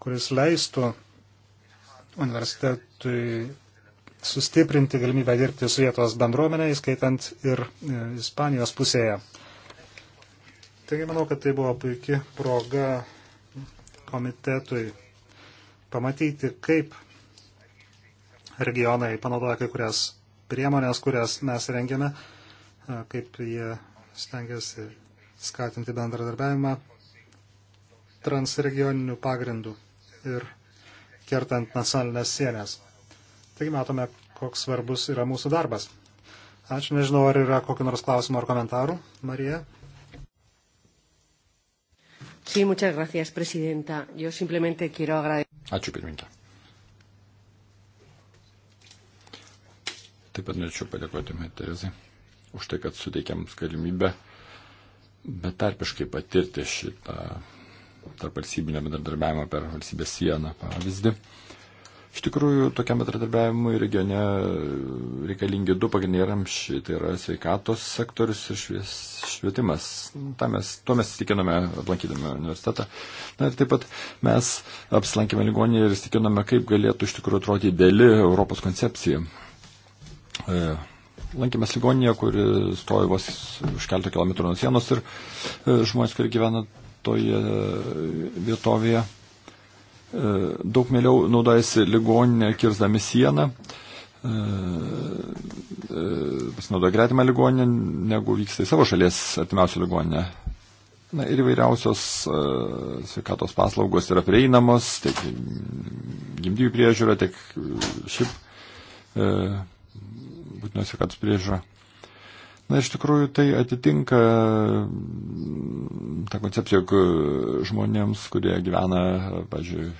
Speaker 1: kuris leistų universitetui sustiprinti galimybę dirbti su vietos bendruomenė, įskaitant ir e, Ispanijos pusėje. Taigi manau, kad tai buvo puikia proga komitetui pamatyti, kaip regionai panaudoja kai kurias priemonės, kurias mes rengiame kaip jie stengiasi skatinti bendradarbiavimą transregioninių pagrindų ir kertant nacionalinės sienės. Taigi matome, koks svarbus yra mūsų darbas. Ačiū, nežinau, ar yra kokiu nors klausimu ar komentaru. Marija. Sí, muchas
Speaker 2: gracias, presidenta. Yo simplemente quiero agradecer.
Speaker 1: Ačiū, pirmininkė.
Speaker 3: Taip pat norėčiau padėkoti Terezai už tai, kad suteikėm galimybę betarpiškai patirti šitą tarp valstybinio bendradarbiavimo per valstybės sieną pavyzdį. Iš tikrųjų, tokiam bendradarbiavimui regione reikalingi du pagrindiniai ramšiai - tai yra sveikatos sektorius ir švies, švietimas. Ta mes, tuo mes įtikinome aplankydami universitetą. Na ir taip pat mes apsilankėme ligoninėje ir įtikinome, kaip galėtų iš tikrųjų atrodyti dėli Europos koncepcija. E, lankėmės ligoninėje, kuri stovi vos už keltų kilometrų nuo sienos ir e, žmonės, kurie gyvena toje e, vietovėje, e, daug mėliau naudojasi ligoninė kirzdami sieną, pasinaudoja gretimą ligoninę, negu vyksta į savo šalies artimiausią ligoninę. Na ir įvairiausios uh, sveikatos paslaugos yra prieinamos, tiek gimdybių priežiūra, tiek šiaip uh, būtinos sveikatos priežiūra. Na, iš tikrųjų, tai atitinka mm, tą koncepciją, jog žmonėms, kurie gyvena, pažiūrėjau,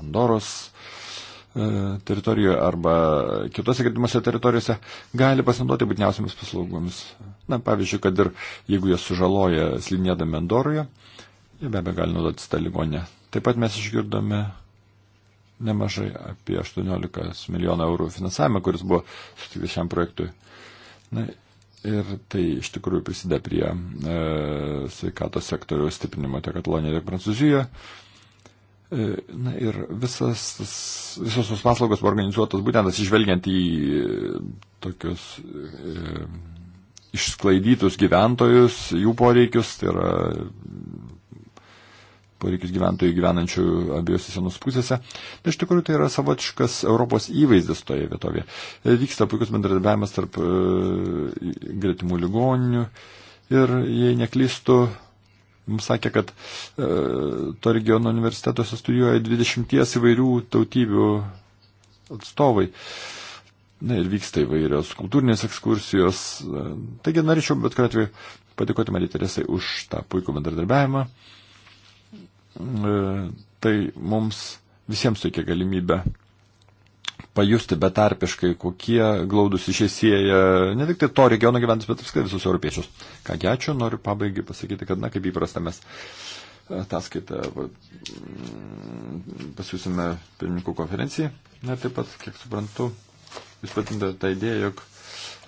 Speaker 3: Andoros e, teritorijoje arba kitose gretimose teritorijose, gali pasinaudoti būtiniausiamis paslaugomis. Na, pavyzdžiui, kad ir jeigu jie sužaloja slidinėdami Andoroje, jie be abejo gali naudotis tą ligonę. Taip pat mes išgirdome nemažai apie 18 milijonų eurų finansavimą, kuris buvo sutiktas šiam projektui. Na, ir tai iš tikrųjų prisideda prie e, sveikatos sektoriaus stiprinimo tiek Katalonijoje, tiek Prancūzijoje. E, na ir visas, visos tos paslaugos buvo organizuotos būtent atsižvelgiant į e, tokius e, išsklaidytus gyventojus, jų poreikius, tai yra poreikius gyventojų gyvenančių abiejose senos pusėse. Tai iš tikrųjų tai yra savotiškas Europos įvaizdis toje vietovėje. E, vyksta puikus bendradarbiavimas tarp e, gretimų ligoninių ir jei neklystu, mums sakė, kad e, to regiono universitetuose studijuoja 20 įvairių tautybių atstovai. Na ir vyksta įvairios kultūrinės ekskursijos. E, taigi norėčiau bet kuriuo atveju padėkoti Marijai Teresai už tą puikų bendradarbiavimą. E, tai mums visiems tokia galimybė pajusti betarpiškai, kokie glaudus išėsėja ne tik tai to regiono gyventus, bet apskritai visus europiečius. Kągi ačiū, noriu pabaigai pasakyti, kad, na, kaip įprasta, mes ataskaitą mm, pasiūsime pirmininkų konferencijai. Na ir taip pat, kiek suprantu, jūs patintate tą idėją, jog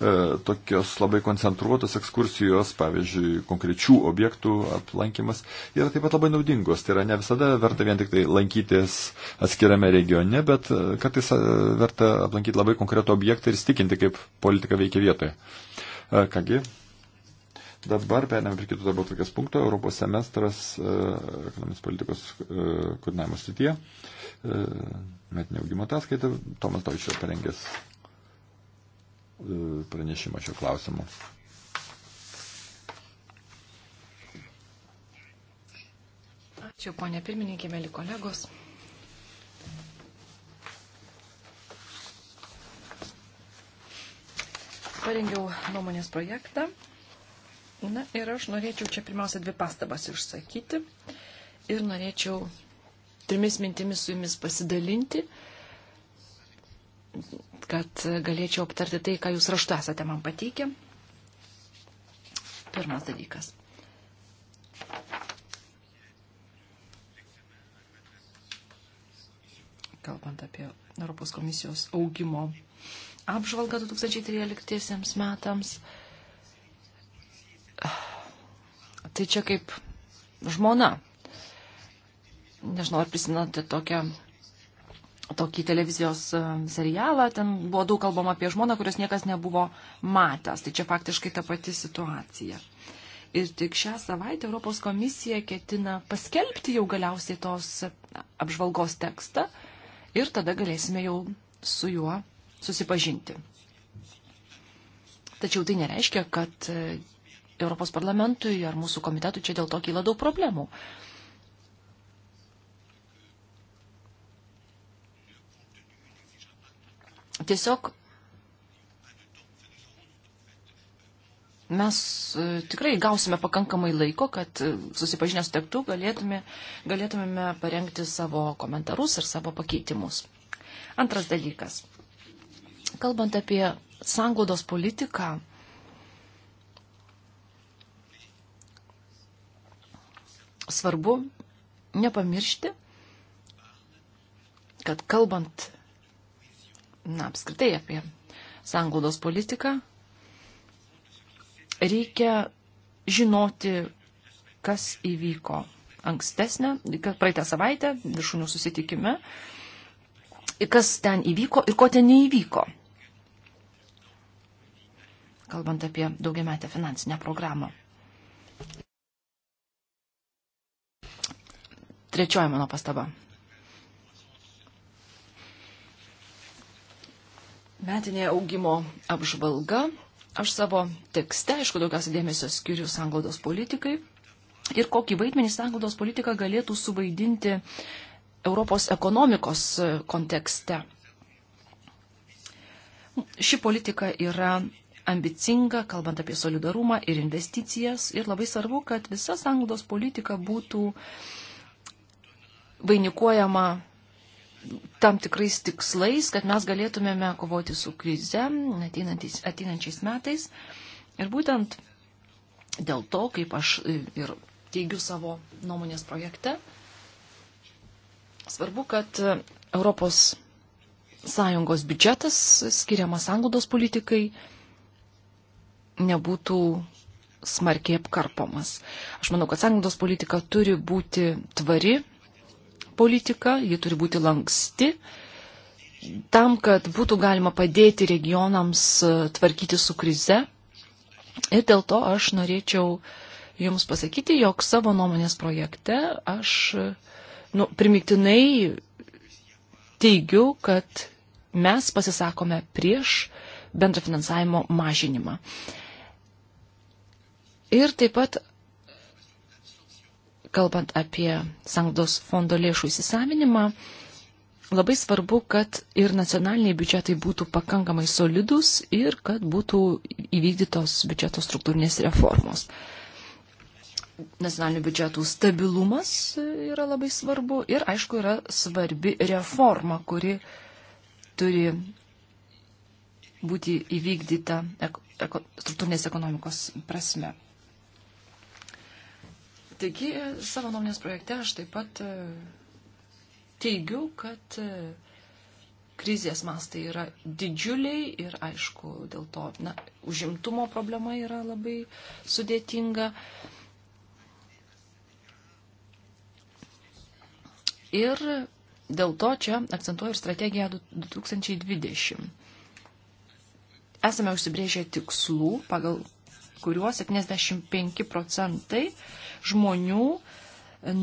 Speaker 3: E, tokios labai koncentruotos ekskursijos, pavyzdžiui, konkrečių objektų aplankimas yra taip pat labai naudingos. Tai yra ne visada verta vien tik tai lankytis atskiriame regione, bet e, kartais e, verta aplankyti labai konkretų objektą ir stikinti, kaip politika veikia vietoje. Kągi, Dabar perėmėm prie kitų darbo tokias punktų. Europos semestras ekonominės politikos koordinavimo srityje. Metinė augimo ataskaita. Tomas Toičio parengęs E, pranešimą šio klausimu.
Speaker 2: Ačiū, ponė pirmininkė, mėly kolegos. Parengiau nuomonės projektą. Na ir aš norėčiau čia pirmiausia dvi pastabas išsakyti ir norėčiau trimis mintimis su jumis pasidalinti. Uh, kad galėčiau aptarti tai, ką jūs raštu esate man pateikę. Pirmas dalykas. Kalbant apie Europos komisijos augimo apžvalgą 2013 metams, tai čia kaip žmona. Nežinau, ar prisimenate tokią tokį televizijos e, serialą, ten buvo daug kalbama apie žmoną, kurios niekas nebuvo matęs. Tai čia faktiškai ta pati situacija. Ir tik šią savaitę Europos komisija ketina paskelbti jau galiausiai tos apžvalgos tekstą ir tada galėsime jau su juo susipažinti. Tačiau tai nereiškia, kad e, Europos parlamentui ar mūsų komitetui čia dėl to kyla daug problemų. Tiesiog mes e, tikrai gausime pakankamai laiko, kad e, susipažinę su tekstu galėtume, galėtumėme parengti savo komentarus ir savo pakeitimus. Antras dalykas. Kalbant apie sanglaudos politiką, svarbu nepamiršti, kad kalbant na, apskritai apie sanglaudos politiką, reikia žinoti, kas įvyko ankstesnę, praeitą savaitę viršūnių susitikime, kas ten įvyko ir ko ten neįvyko. Kalbant apie daugiametę finansinę programą. Trečioji mano pastaba. metinė augimo apžvalga. Aš savo tekste, aišku, daugiausia dėmesio skiriu sanglaudos politikai ir kokį vaidmenį sanglaudos politika galėtų suvaidinti Europos ekonomikos kontekste. Ši politika yra ambicinga, kalbant apie solidarumą ir investicijas. Ir labai svarbu, kad visa sanglaudos politika būtų vainikuojama tam tikrais tikslais, kad mes galėtumėme kovoti su krize ateinančiais metais. Ir būtent dėl to, kaip aš ir teigiu savo nuomonės projekte, svarbu, kad Europos Sąjungos biudžetas skiriamas anglodos politikai nebūtų smarkiai apkarpomas. Aš manau, kad sąjungos politika turi būti tvari, politika, ji turi būti lanksti, tam, kad būtų galima padėti regionams e, tvarkyti su krize. Ir dėl to aš norėčiau Jums pasakyti, jog savo nuomonės projekte aš e, nu, primiktinai teigiu, kad mes pasisakome prieš bendrą finansavimo mažinimą. Ir taip pat kalbant apie sangdos fondo lėšų įsisavinimą, labai svarbu, kad ir nacionaliniai biudžetai būtų pakankamai solidus ir kad būtų įvykdytos biudžeto struktūrinės reformos. Nacionalinių biudžetų stabilumas yra labai svarbu ir, aišku, yra svarbi reforma, kuri turi būti įvykdyta struktūrinės ekonomikos prasme. Taigi e, savo nuomonės projekte aš taip pat e, teigiu, kad e, krizės mastai yra didžiuliai ir aišku, dėl to na, užimtumo problema yra labai sudėtinga. Ir dėl to čia akcentuoju ir strategiją 2020. Esame užsibrėžę tikslų, pagal kuriuos 75 procentai žmonių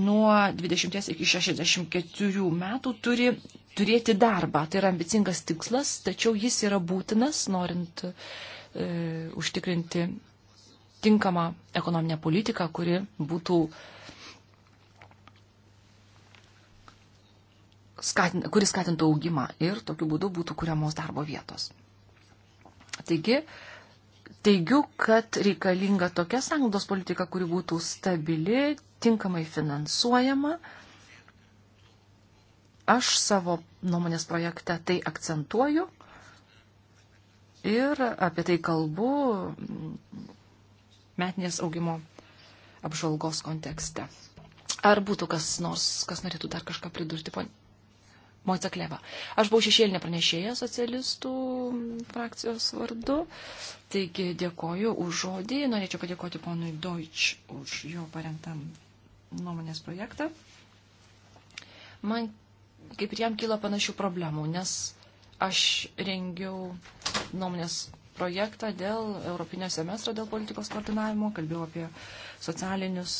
Speaker 2: nuo 20 iki 64 metų turi turėti darbą. Tai yra ambicingas tikslas, tačiau jis yra būtinas, norint e, užtikrinti tinkamą ekonominę politiką, kuri būtų skatin, kuris skatintų augimą ir tokiu būdu būtų kuriamos darbo vietos. Taigi, teigiu, kad reikalinga tokia sąnaudos politika, kuri būtų stabili, tinkamai finansuojama. Aš savo nuomonės projekte tai akcentuoju ir apie tai kalbu metinės augimo apžvalgos kontekste. Ar būtų kas nors, kas norėtų dar kažką pridurti, ponė? Moica Kleva. Aš buvau šešėlinė pranešėja socialistų frakcijos vardu. Taigi dėkoju už žodį. Norėčiau padėkoti ponui Deutsch už jo parengtam nuomonės projektą. Man kaip ir jam kyla panašių problemų, nes aš rengiau nuomonės projektą dėl Europinio semestro, dėl politikos koordinavimo, kalbėjau apie socialinius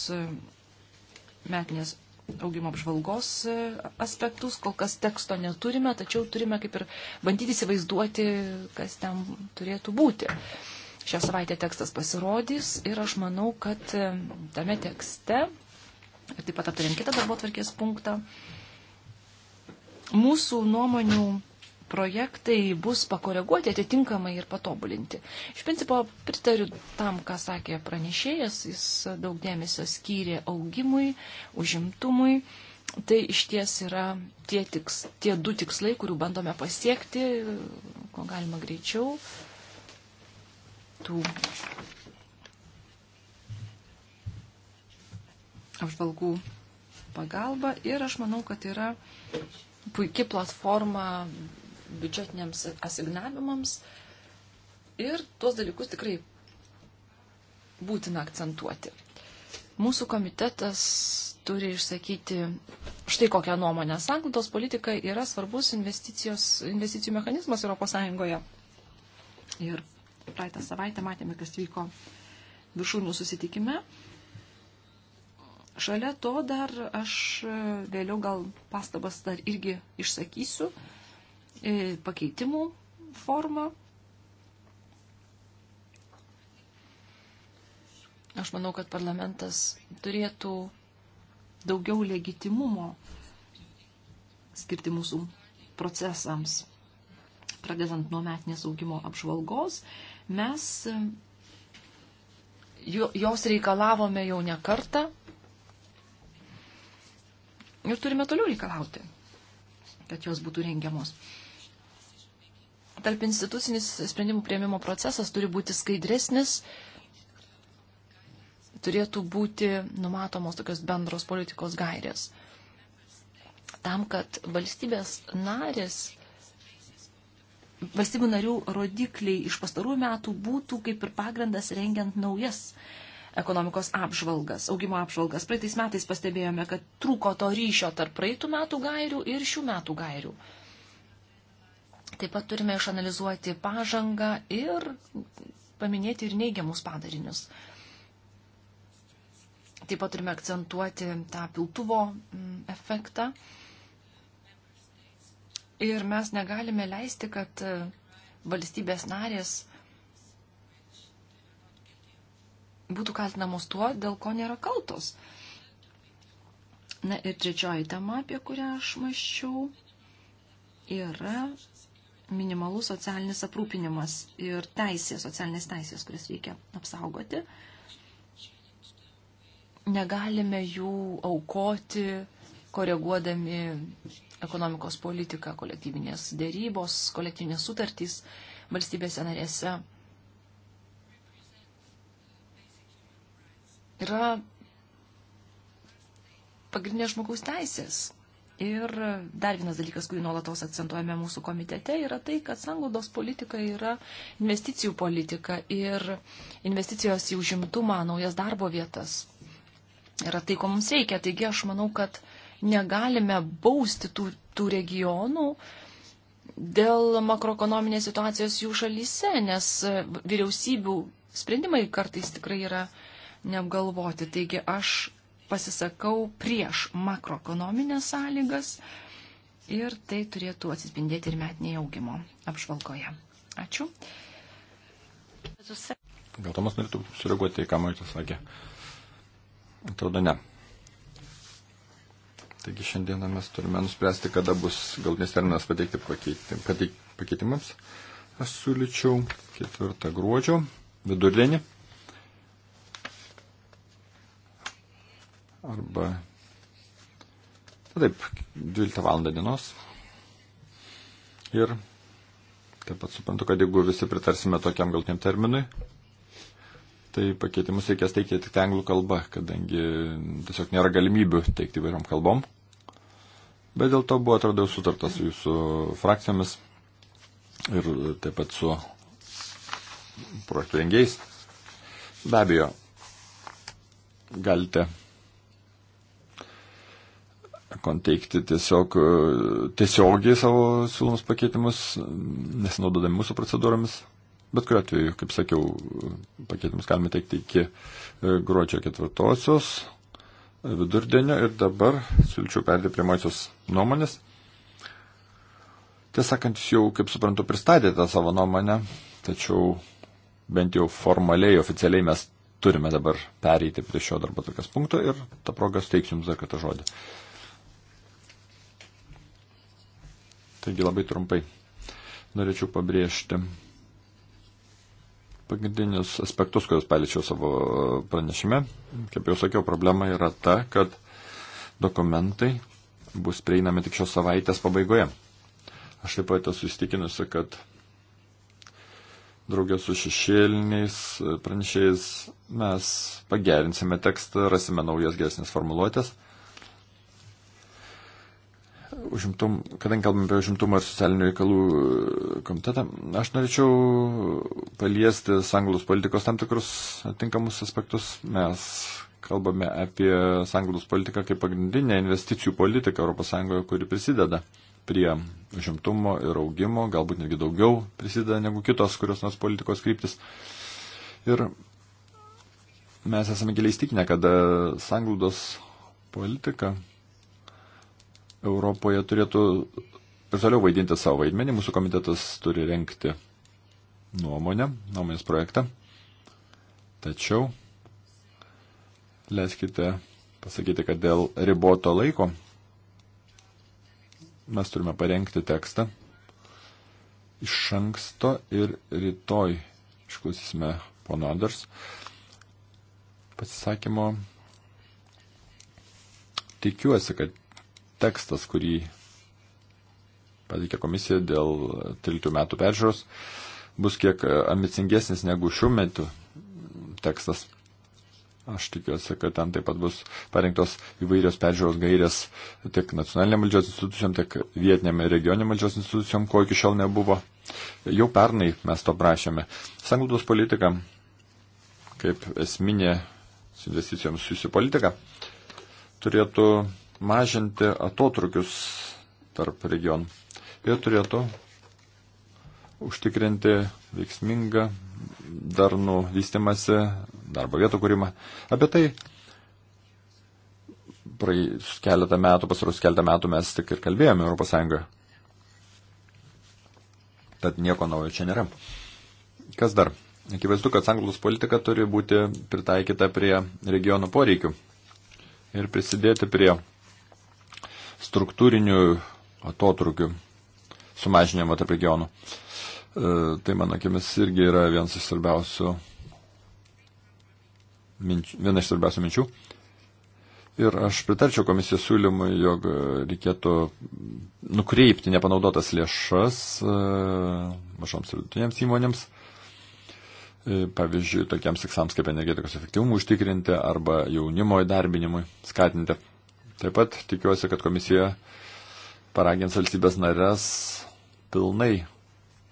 Speaker 2: metinės augimo apžvalgos e, aspektus. Kol kas teksto neturime, tačiau turime kaip ir bandyti įsivaizduoti, kas ten turėtų būti. Šią savaitę tekstas pasirodys ir aš manau, kad e, tame tekste, ir taip pat aptarėm kitą darbo tvarkės punktą, mūsų nuomonių projektai bus pakoreguoti atitinkamai ir patobulinti. Iš principo pritariu tam, ką sakė pranešėjas, jis daug dėmesio skyrė augimui, užimtumui. Tai iš ties yra tie, tiks, tie du tikslai, kurių bandome pasiekti, ko galima greičiau. Tų apžvalgų pagalba ir aš manau, kad yra puikia platforma biudžetiniams asignavimams. Ir tuos dalykus tikrai būtina akcentuoti. Mūsų komitetas turi išsakyti štai kokią nuomonę. Sanklaudos politika yra svarbus investicijų mechanizmas ES. Ir praeitą savaitę matėme, kas vyko viršūnių susitikime. Šalia to dar aš vėliau gal pastabas dar irgi išsakysiu. E, pakeitimų formą. Aš manau, kad parlamentas turėtų daugiau legitimumo skirti mūsų procesams. Pradedant nuo metinės augimo apžvalgos, mes e, jos reikalavome jau ne kartą ir turime toliau reikalauti, kad jos būtų rengiamos tarp institucinis sprendimų prieimimo procesas turi būti skaidresnis, turėtų būti numatomos tokios bendros politikos gairės. Tam, kad valstybės narės, valstybių narių rodikliai iš pastarųjų metų būtų kaip ir pagrindas rengiant naujas ekonomikos apžvalgas, augimo apžvalgas. Praeitais metais pastebėjome, kad trūko to ryšio tarp praeitų metų gairių ir šių metų gairių. Taip pat turime išanalizuoti pažangą ir paminėti ir neigiamus padarinius. Taip pat turime akcentuoti tą piltuvo mm, efektą. Ir mes negalime leisti, kad e, valstybės narės būtų kaltinamos tuo, dėl ko nėra kaltos. Na ir trečioji tema, apie kurią aš maščiau, yra minimalus socialinis aprūpinimas ir teisės, socialinės teisės, kurias reikia apsaugoti. Negalime jų aukoti, koreguodami ekonomikos politiką, kolektyvinės dėrybos, kolektyvinės sutartys valstybėse narėse. Yra pagrindinės žmogaus teisės Ir dar vienas dalykas, kurį nuolatos akcentuojame mūsų komitete, yra tai, kad sanglaudos politika yra investicijų politika ir investicijos į užimtumą, naujas darbo vietas yra tai, ko mums reikia. Taigi aš manau, kad negalime bausti tų, tų regionų dėl makroekonominės situacijos jų šalyse, nes vyriausybių sprendimai kartais tikrai yra neapgalvoti. Taigi aš pasisakau prieš makroekonominės sąlygas ir tai turėtų atsispindėti ir metinėje augimo apžvalgoje. Ačiū.
Speaker 3: Gal Tomas norėtų sureaguoti, ką Maitas sakė? Atrodo, ne. Taigi šiandieną mes turime nuspręsti, kada bus galutinis terminas pateikti pakeitim, pateik, pakeitimams. Aš siūlyčiau 4 gruodžio vidurdienį. arba taip, 12 val. dienos. Ir taip pat suprantu, kad jeigu visi pritarsime tokiam galtiniam terminui, tai pakeitimus reikės teikti tik tai anglų kalba, kadangi tiesiog nėra galimybių teikti įvairiom kalbom. Bet dėl to buvo, atrodo, sutartas su jūsų frakcijomis ir taip pat su projektų rengėjais. Be abejo, galite kon teikti tiesiog e, tiesiogiai savo siūlomus pakeitimus, nesinaudodami mūsų procedūromis. Bet kuriuo atveju, kaip sakiau, pakeitimus galime teikti iki e, gruodžio ketvirtosios e, vidurdienio ir dabar siūlyčiau perėti prie močios nuomonės. Tiesąkant, jūs jau, kaip suprantu, pristatėte savo nuomonę, tačiau bent jau formaliai, oficialiai mes turime dabar pereiti prie šio darbo tokias punkto ir tą progą steiksiu jums dar kartą žodį. Uh, Taigi labai trumpai norėčiau pabrėžti pagrindinius aspektus, kuriuos paliečiau savo pranešime. Kaip jau sakiau, problema yra ta, kad dokumentai bus prieinami tik šios savaitės pabaigoje. Aš taip pat esu įstikinusi, kad draugė su šešėliniais pranešėjais mes pagerinsime tekstą, rasime naujas geresnės formuluotės užimtum, kadangi kalbame apie užimtumą ir socialinių reikalų e, komitetą, aš norėčiau paliesti sanglus politikos tam tikrus atinkamus aspektus. Mes kalbame apie sanglus politiką kaip pagrindinę investicijų politiką ES, kuri prisideda prie užimtumo ir augimo, galbūt netgi daugiau prisideda negu kitos kurios nors politikos kryptis. Ir mes esame giliai įstikinę, kad e, sanglaudos politika Europoje turėtų ir toliau vaidinti savo vaidmenį. Mūsų komitetas turi renkti nuomonę, nuomonės projektą. Tačiau leiskite pasakyti, kad dėl riboto laiko mes turime parengti tekstą iš anksto ir rytoj išklausysime pono Anders pasisakymo. Tikiuosi, kad tekstas, kurį pateikė komisija dėl 13 metų peržiūros, bus kiek ambicingesnis negu šių metų tekstas. Aš tikiuosi, kad ten taip pat bus parinktos įvairios peržiūros gairės tiek nacionaliniam valdžios institucijom, tiek vietiniam ir regioniam valdžios institucijom, ko iki šiol nebuvo. Jau pernai mes to prašėme. Sanglaudos politika kaip esminė su investicijoms susijusi politika turėtų mažinti atotrukius tarp regionų. Jie turėtų užtikrinti veiksmingą darnų vystimasi, darbo vietų kūrimą. Apie tai praėjus keletą metų, pasarus keletą metų mes tik ir kalbėjome Europos Sąjungoje. Tad nieko naujo čia nėra. Kas dar? Akivaizdu, kad sanglus politika turi būti pritaikyta prie regionų poreikių ir prisidėti prie struktūrinių atotrukių sumažinimo tarp regionų. E, tai, mano akimis, irgi yra vienas iš svarbiausių minčių, viena iš svarbiausių minčių. Ir aš pritarčiau komisijos siūlymui, jog reikėtų nukreipti nepanaudotas lėšas e, mažoms ir vidutinėms įmonėms, e, pavyzdžiui, tokiems tikslams kaip energetikos efektyvumų užtikrinti arba jaunimo įdarbinimui skatinti. Taip pat tikiuosi, kad komisija paragins valstybės narės pilnai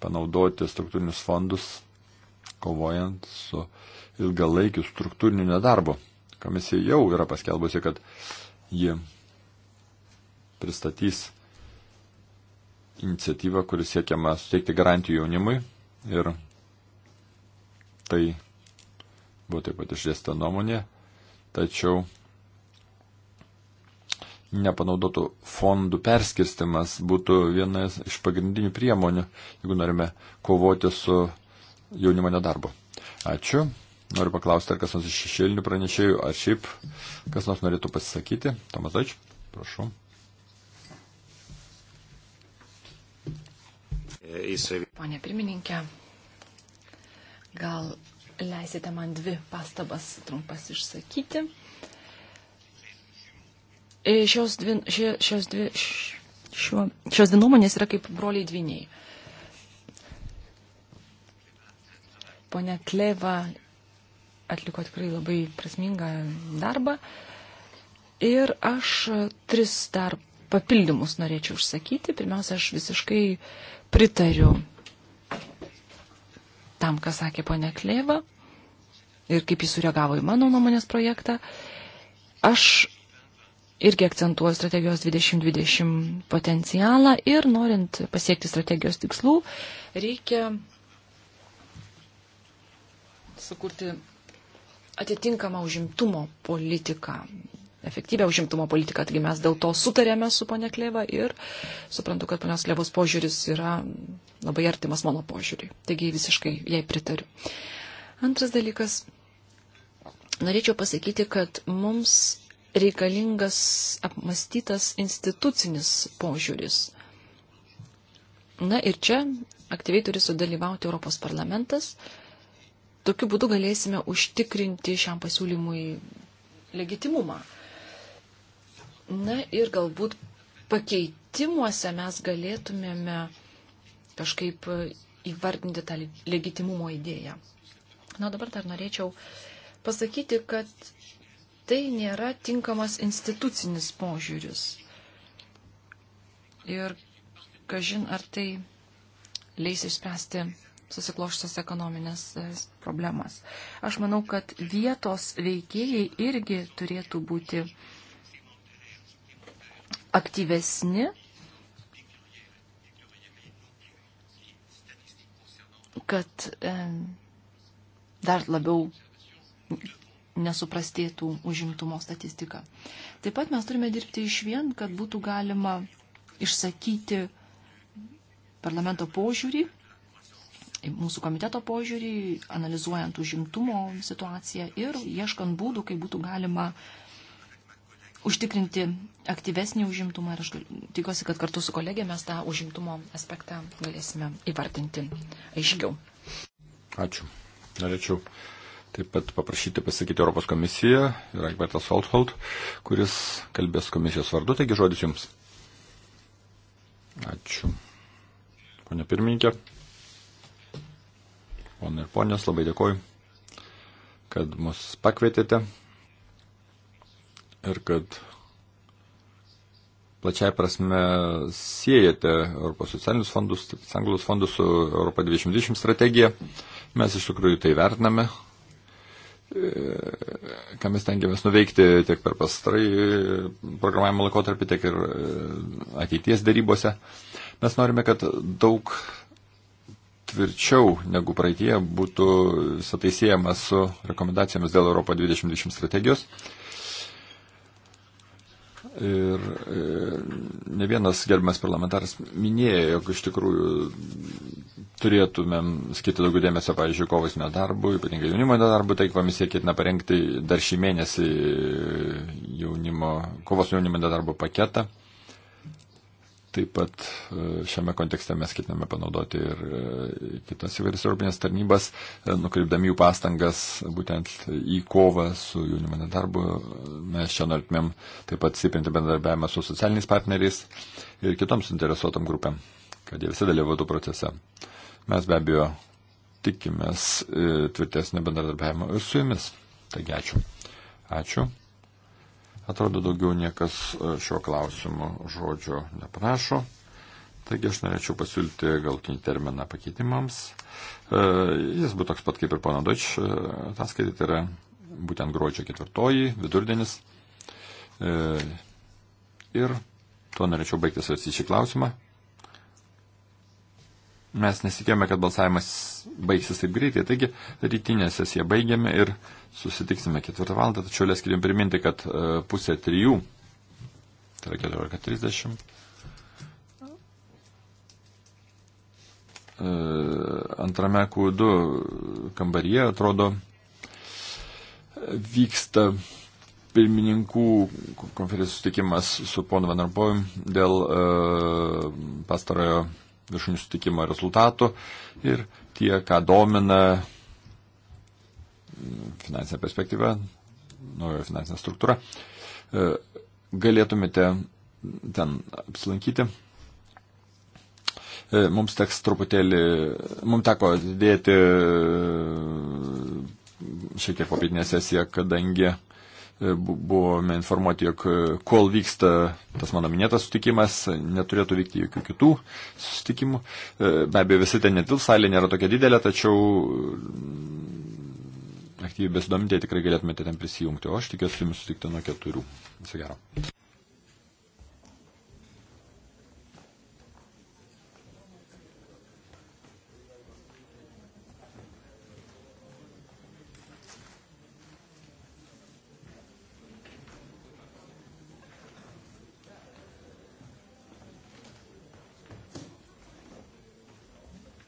Speaker 3: panaudoti struktūrinius fondus, kovojant su ilgalaikiu struktūriniu nedarbu. Komisija jau yra paskelbusi, kad ji pristatys iniciatyvą, kuris siekiama suteikti garantijų jaunimui ir tai buvo taip pat išdėsta nuomonė, tačiau nepanaudotų fondų perskirstimas būtų viena iš pagrindinių priemonių, jeigu norime kovoti su jaunimo nedarbu. Ačiū. Noriu paklausti, ar kas nors iš šešėlinių pranešėjų, ar šiaip kas nors norėtų pasisakyti. Tomas Aič, prašau.
Speaker 2: Pane pirmininkė, gal leisite man dvi pastabas trumpas išsakyti. E, šios dvi, šios dvi, šio, šios dvi nuomonės yra kaip broliai dviniai. Pone Kleva atliko tikrai labai prasmingą darbą. Ir aš tris dar papildymus norėčiau užsakyti. Pirmiausia, aš visiškai pritariu tam, ką sakė ponia Kleva ir kaip jis sureagavo į mano nuomonės projektą. Aš irgi akcentuoja strategijos 2020 potencialą ir norint pasiekti strategijos tikslų, reikia sukurti atitinkamą užimtumo politiką, efektyvę užimtumo politiką. Taigi mes dėl to sutarėme su ponia Kleva ir suprantu, kad ponios Klevos požiūris yra labai artimas mano požiūriui. Taigi visiškai jai pritariu. Antras dalykas. Norėčiau pasakyti, kad mums reikalingas apmastytas institucinis požiūris. Na ir čia aktyviai turi sudalyvauti Europos parlamentas. Tokiu būdu galėsime užtikrinti šiam pasiūlymui legitimumą. Na ir galbūt pakeitimuose mes galėtumėme kažkaip įvardinti tą legitimumo idėją. Na dabar dar norėčiau pasakyti, kad tai nėra tinkamas institucinis požiūris. Ir kažin ar tai leis išspręsti susikloštas ekonominės e, problemas. Aš manau, kad vietos veikėjai irgi turėtų būti aktyvesni, kad e, dar labiau nesuprastėtų užimtumo statistika. Taip pat mes turime dirbti iš vien, kad būtų galima išsakyti parlamento požiūrį, mūsų komiteto požiūrį, analizuojant užimtumo situaciją ir ieškant būdų, kaip būtų galima užtikrinti aktyvesnį užimtumą ir aš tikiuosi, kad kartu su kolegė mes tą užimtumo aspektą galėsime įvardinti aiškiau.
Speaker 3: Ačiū. Norėčiau taip pat paprašyti pasakyti Europos komisiją ir Agbertas Althold, kuris kalbės komisijos vardu. Taigi žodis jums. Ačiū. Pone pirmininkė. Pone ir ponės, labai dėkoju, kad mus pakvietėte ir kad plačiai prasme siejate Europos socialinius fondus, Anglijos fondus su Europa 2020 strategija. Mes iš tikrųjų tai vertiname, ką mes tengiamės nuveikti tiek per pastarai e, programavimo laikotarpį, tiek ir e, ateities darybose. Mes norime, kad daug tvirčiau negu praeitie būtų visą tai siejama su rekomendacijomis dėl Europo 2020 strategijos. Ir e, ne vienas gerbiamas parlamentaras minėjo, jog iš tikrųjų turėtumėm skirti daugiau dėmesio, pavyzdžiui, kovais nedarbui, ypatingai jaunimo nedarbui, tai komisija ketina parengti dar šį mėnesį jaunimo, kovos jaunimo nedarbo paketą. Taip pat e, šiame kontekste mes ketiname panaudoti ir e, kitas įvairias Europinės tarnybas, e, nukreipdami jų pastangas būtent į kovą su jaunimo nedarbu. Mes čia norėtumėm taip pat stiprinti bendradarbiavimą su socialiniais partneriais ir kitoms interesuotam grupėm, kad jie visi dalyvautų procese. Mes be abejo tikimės tvirtesnio bendradarbiavimo ir su jumis. Taigi ačiū. Ačiū. Atrodo, daugiau niekas e, šio klausimo žodžio neprašo. Taigi aš norėčiau pasiūlyti galtinį terminą pakeitimams. E, jis būtų toks pat kaip ir pana Doč. E, Ataskaitė tai yra būtent gruodžio ketvirtoji, vidurdienis. Ir tuo norėčiau baigti svarstyti šį klausimą mes nesitikėjome, kad balsavimas baigsis taip greitai, taigi rytinę sesiją baigėme ir susitiksime ketvirtą valandą, tačiau leiskime priminti, kad e, pusė trijų, tai yra 14.30, e, antrame Q2 kambaryje, atrodo, vyksta pirmininkų konferencijos sutikimas su ponu Vanarpovim dėl e, pastarojo viršūnių sutikimo rezultatų ir tie, ką domina mm, finansinė perspektyva, nauja finansinė struktūra, e, galėtumėte ten apsilankyti. E, mums teks truputėlį, mums teko dėti e, šiek tiek popietinę sesiją, kadangi E, buvome informuoti, jog e, kol vyksta tas mano minėtas sutikimas, neturėtų vykti jokių kitų sustikimų. E, be abejo, visi ten netilps, salė nėra tokia didelė, tačiau aktyviai besidomintieji tikrai galėtumėte ten prisijungti, o aš tikiuosi jumis sutikti nuo keturių. Viso gero.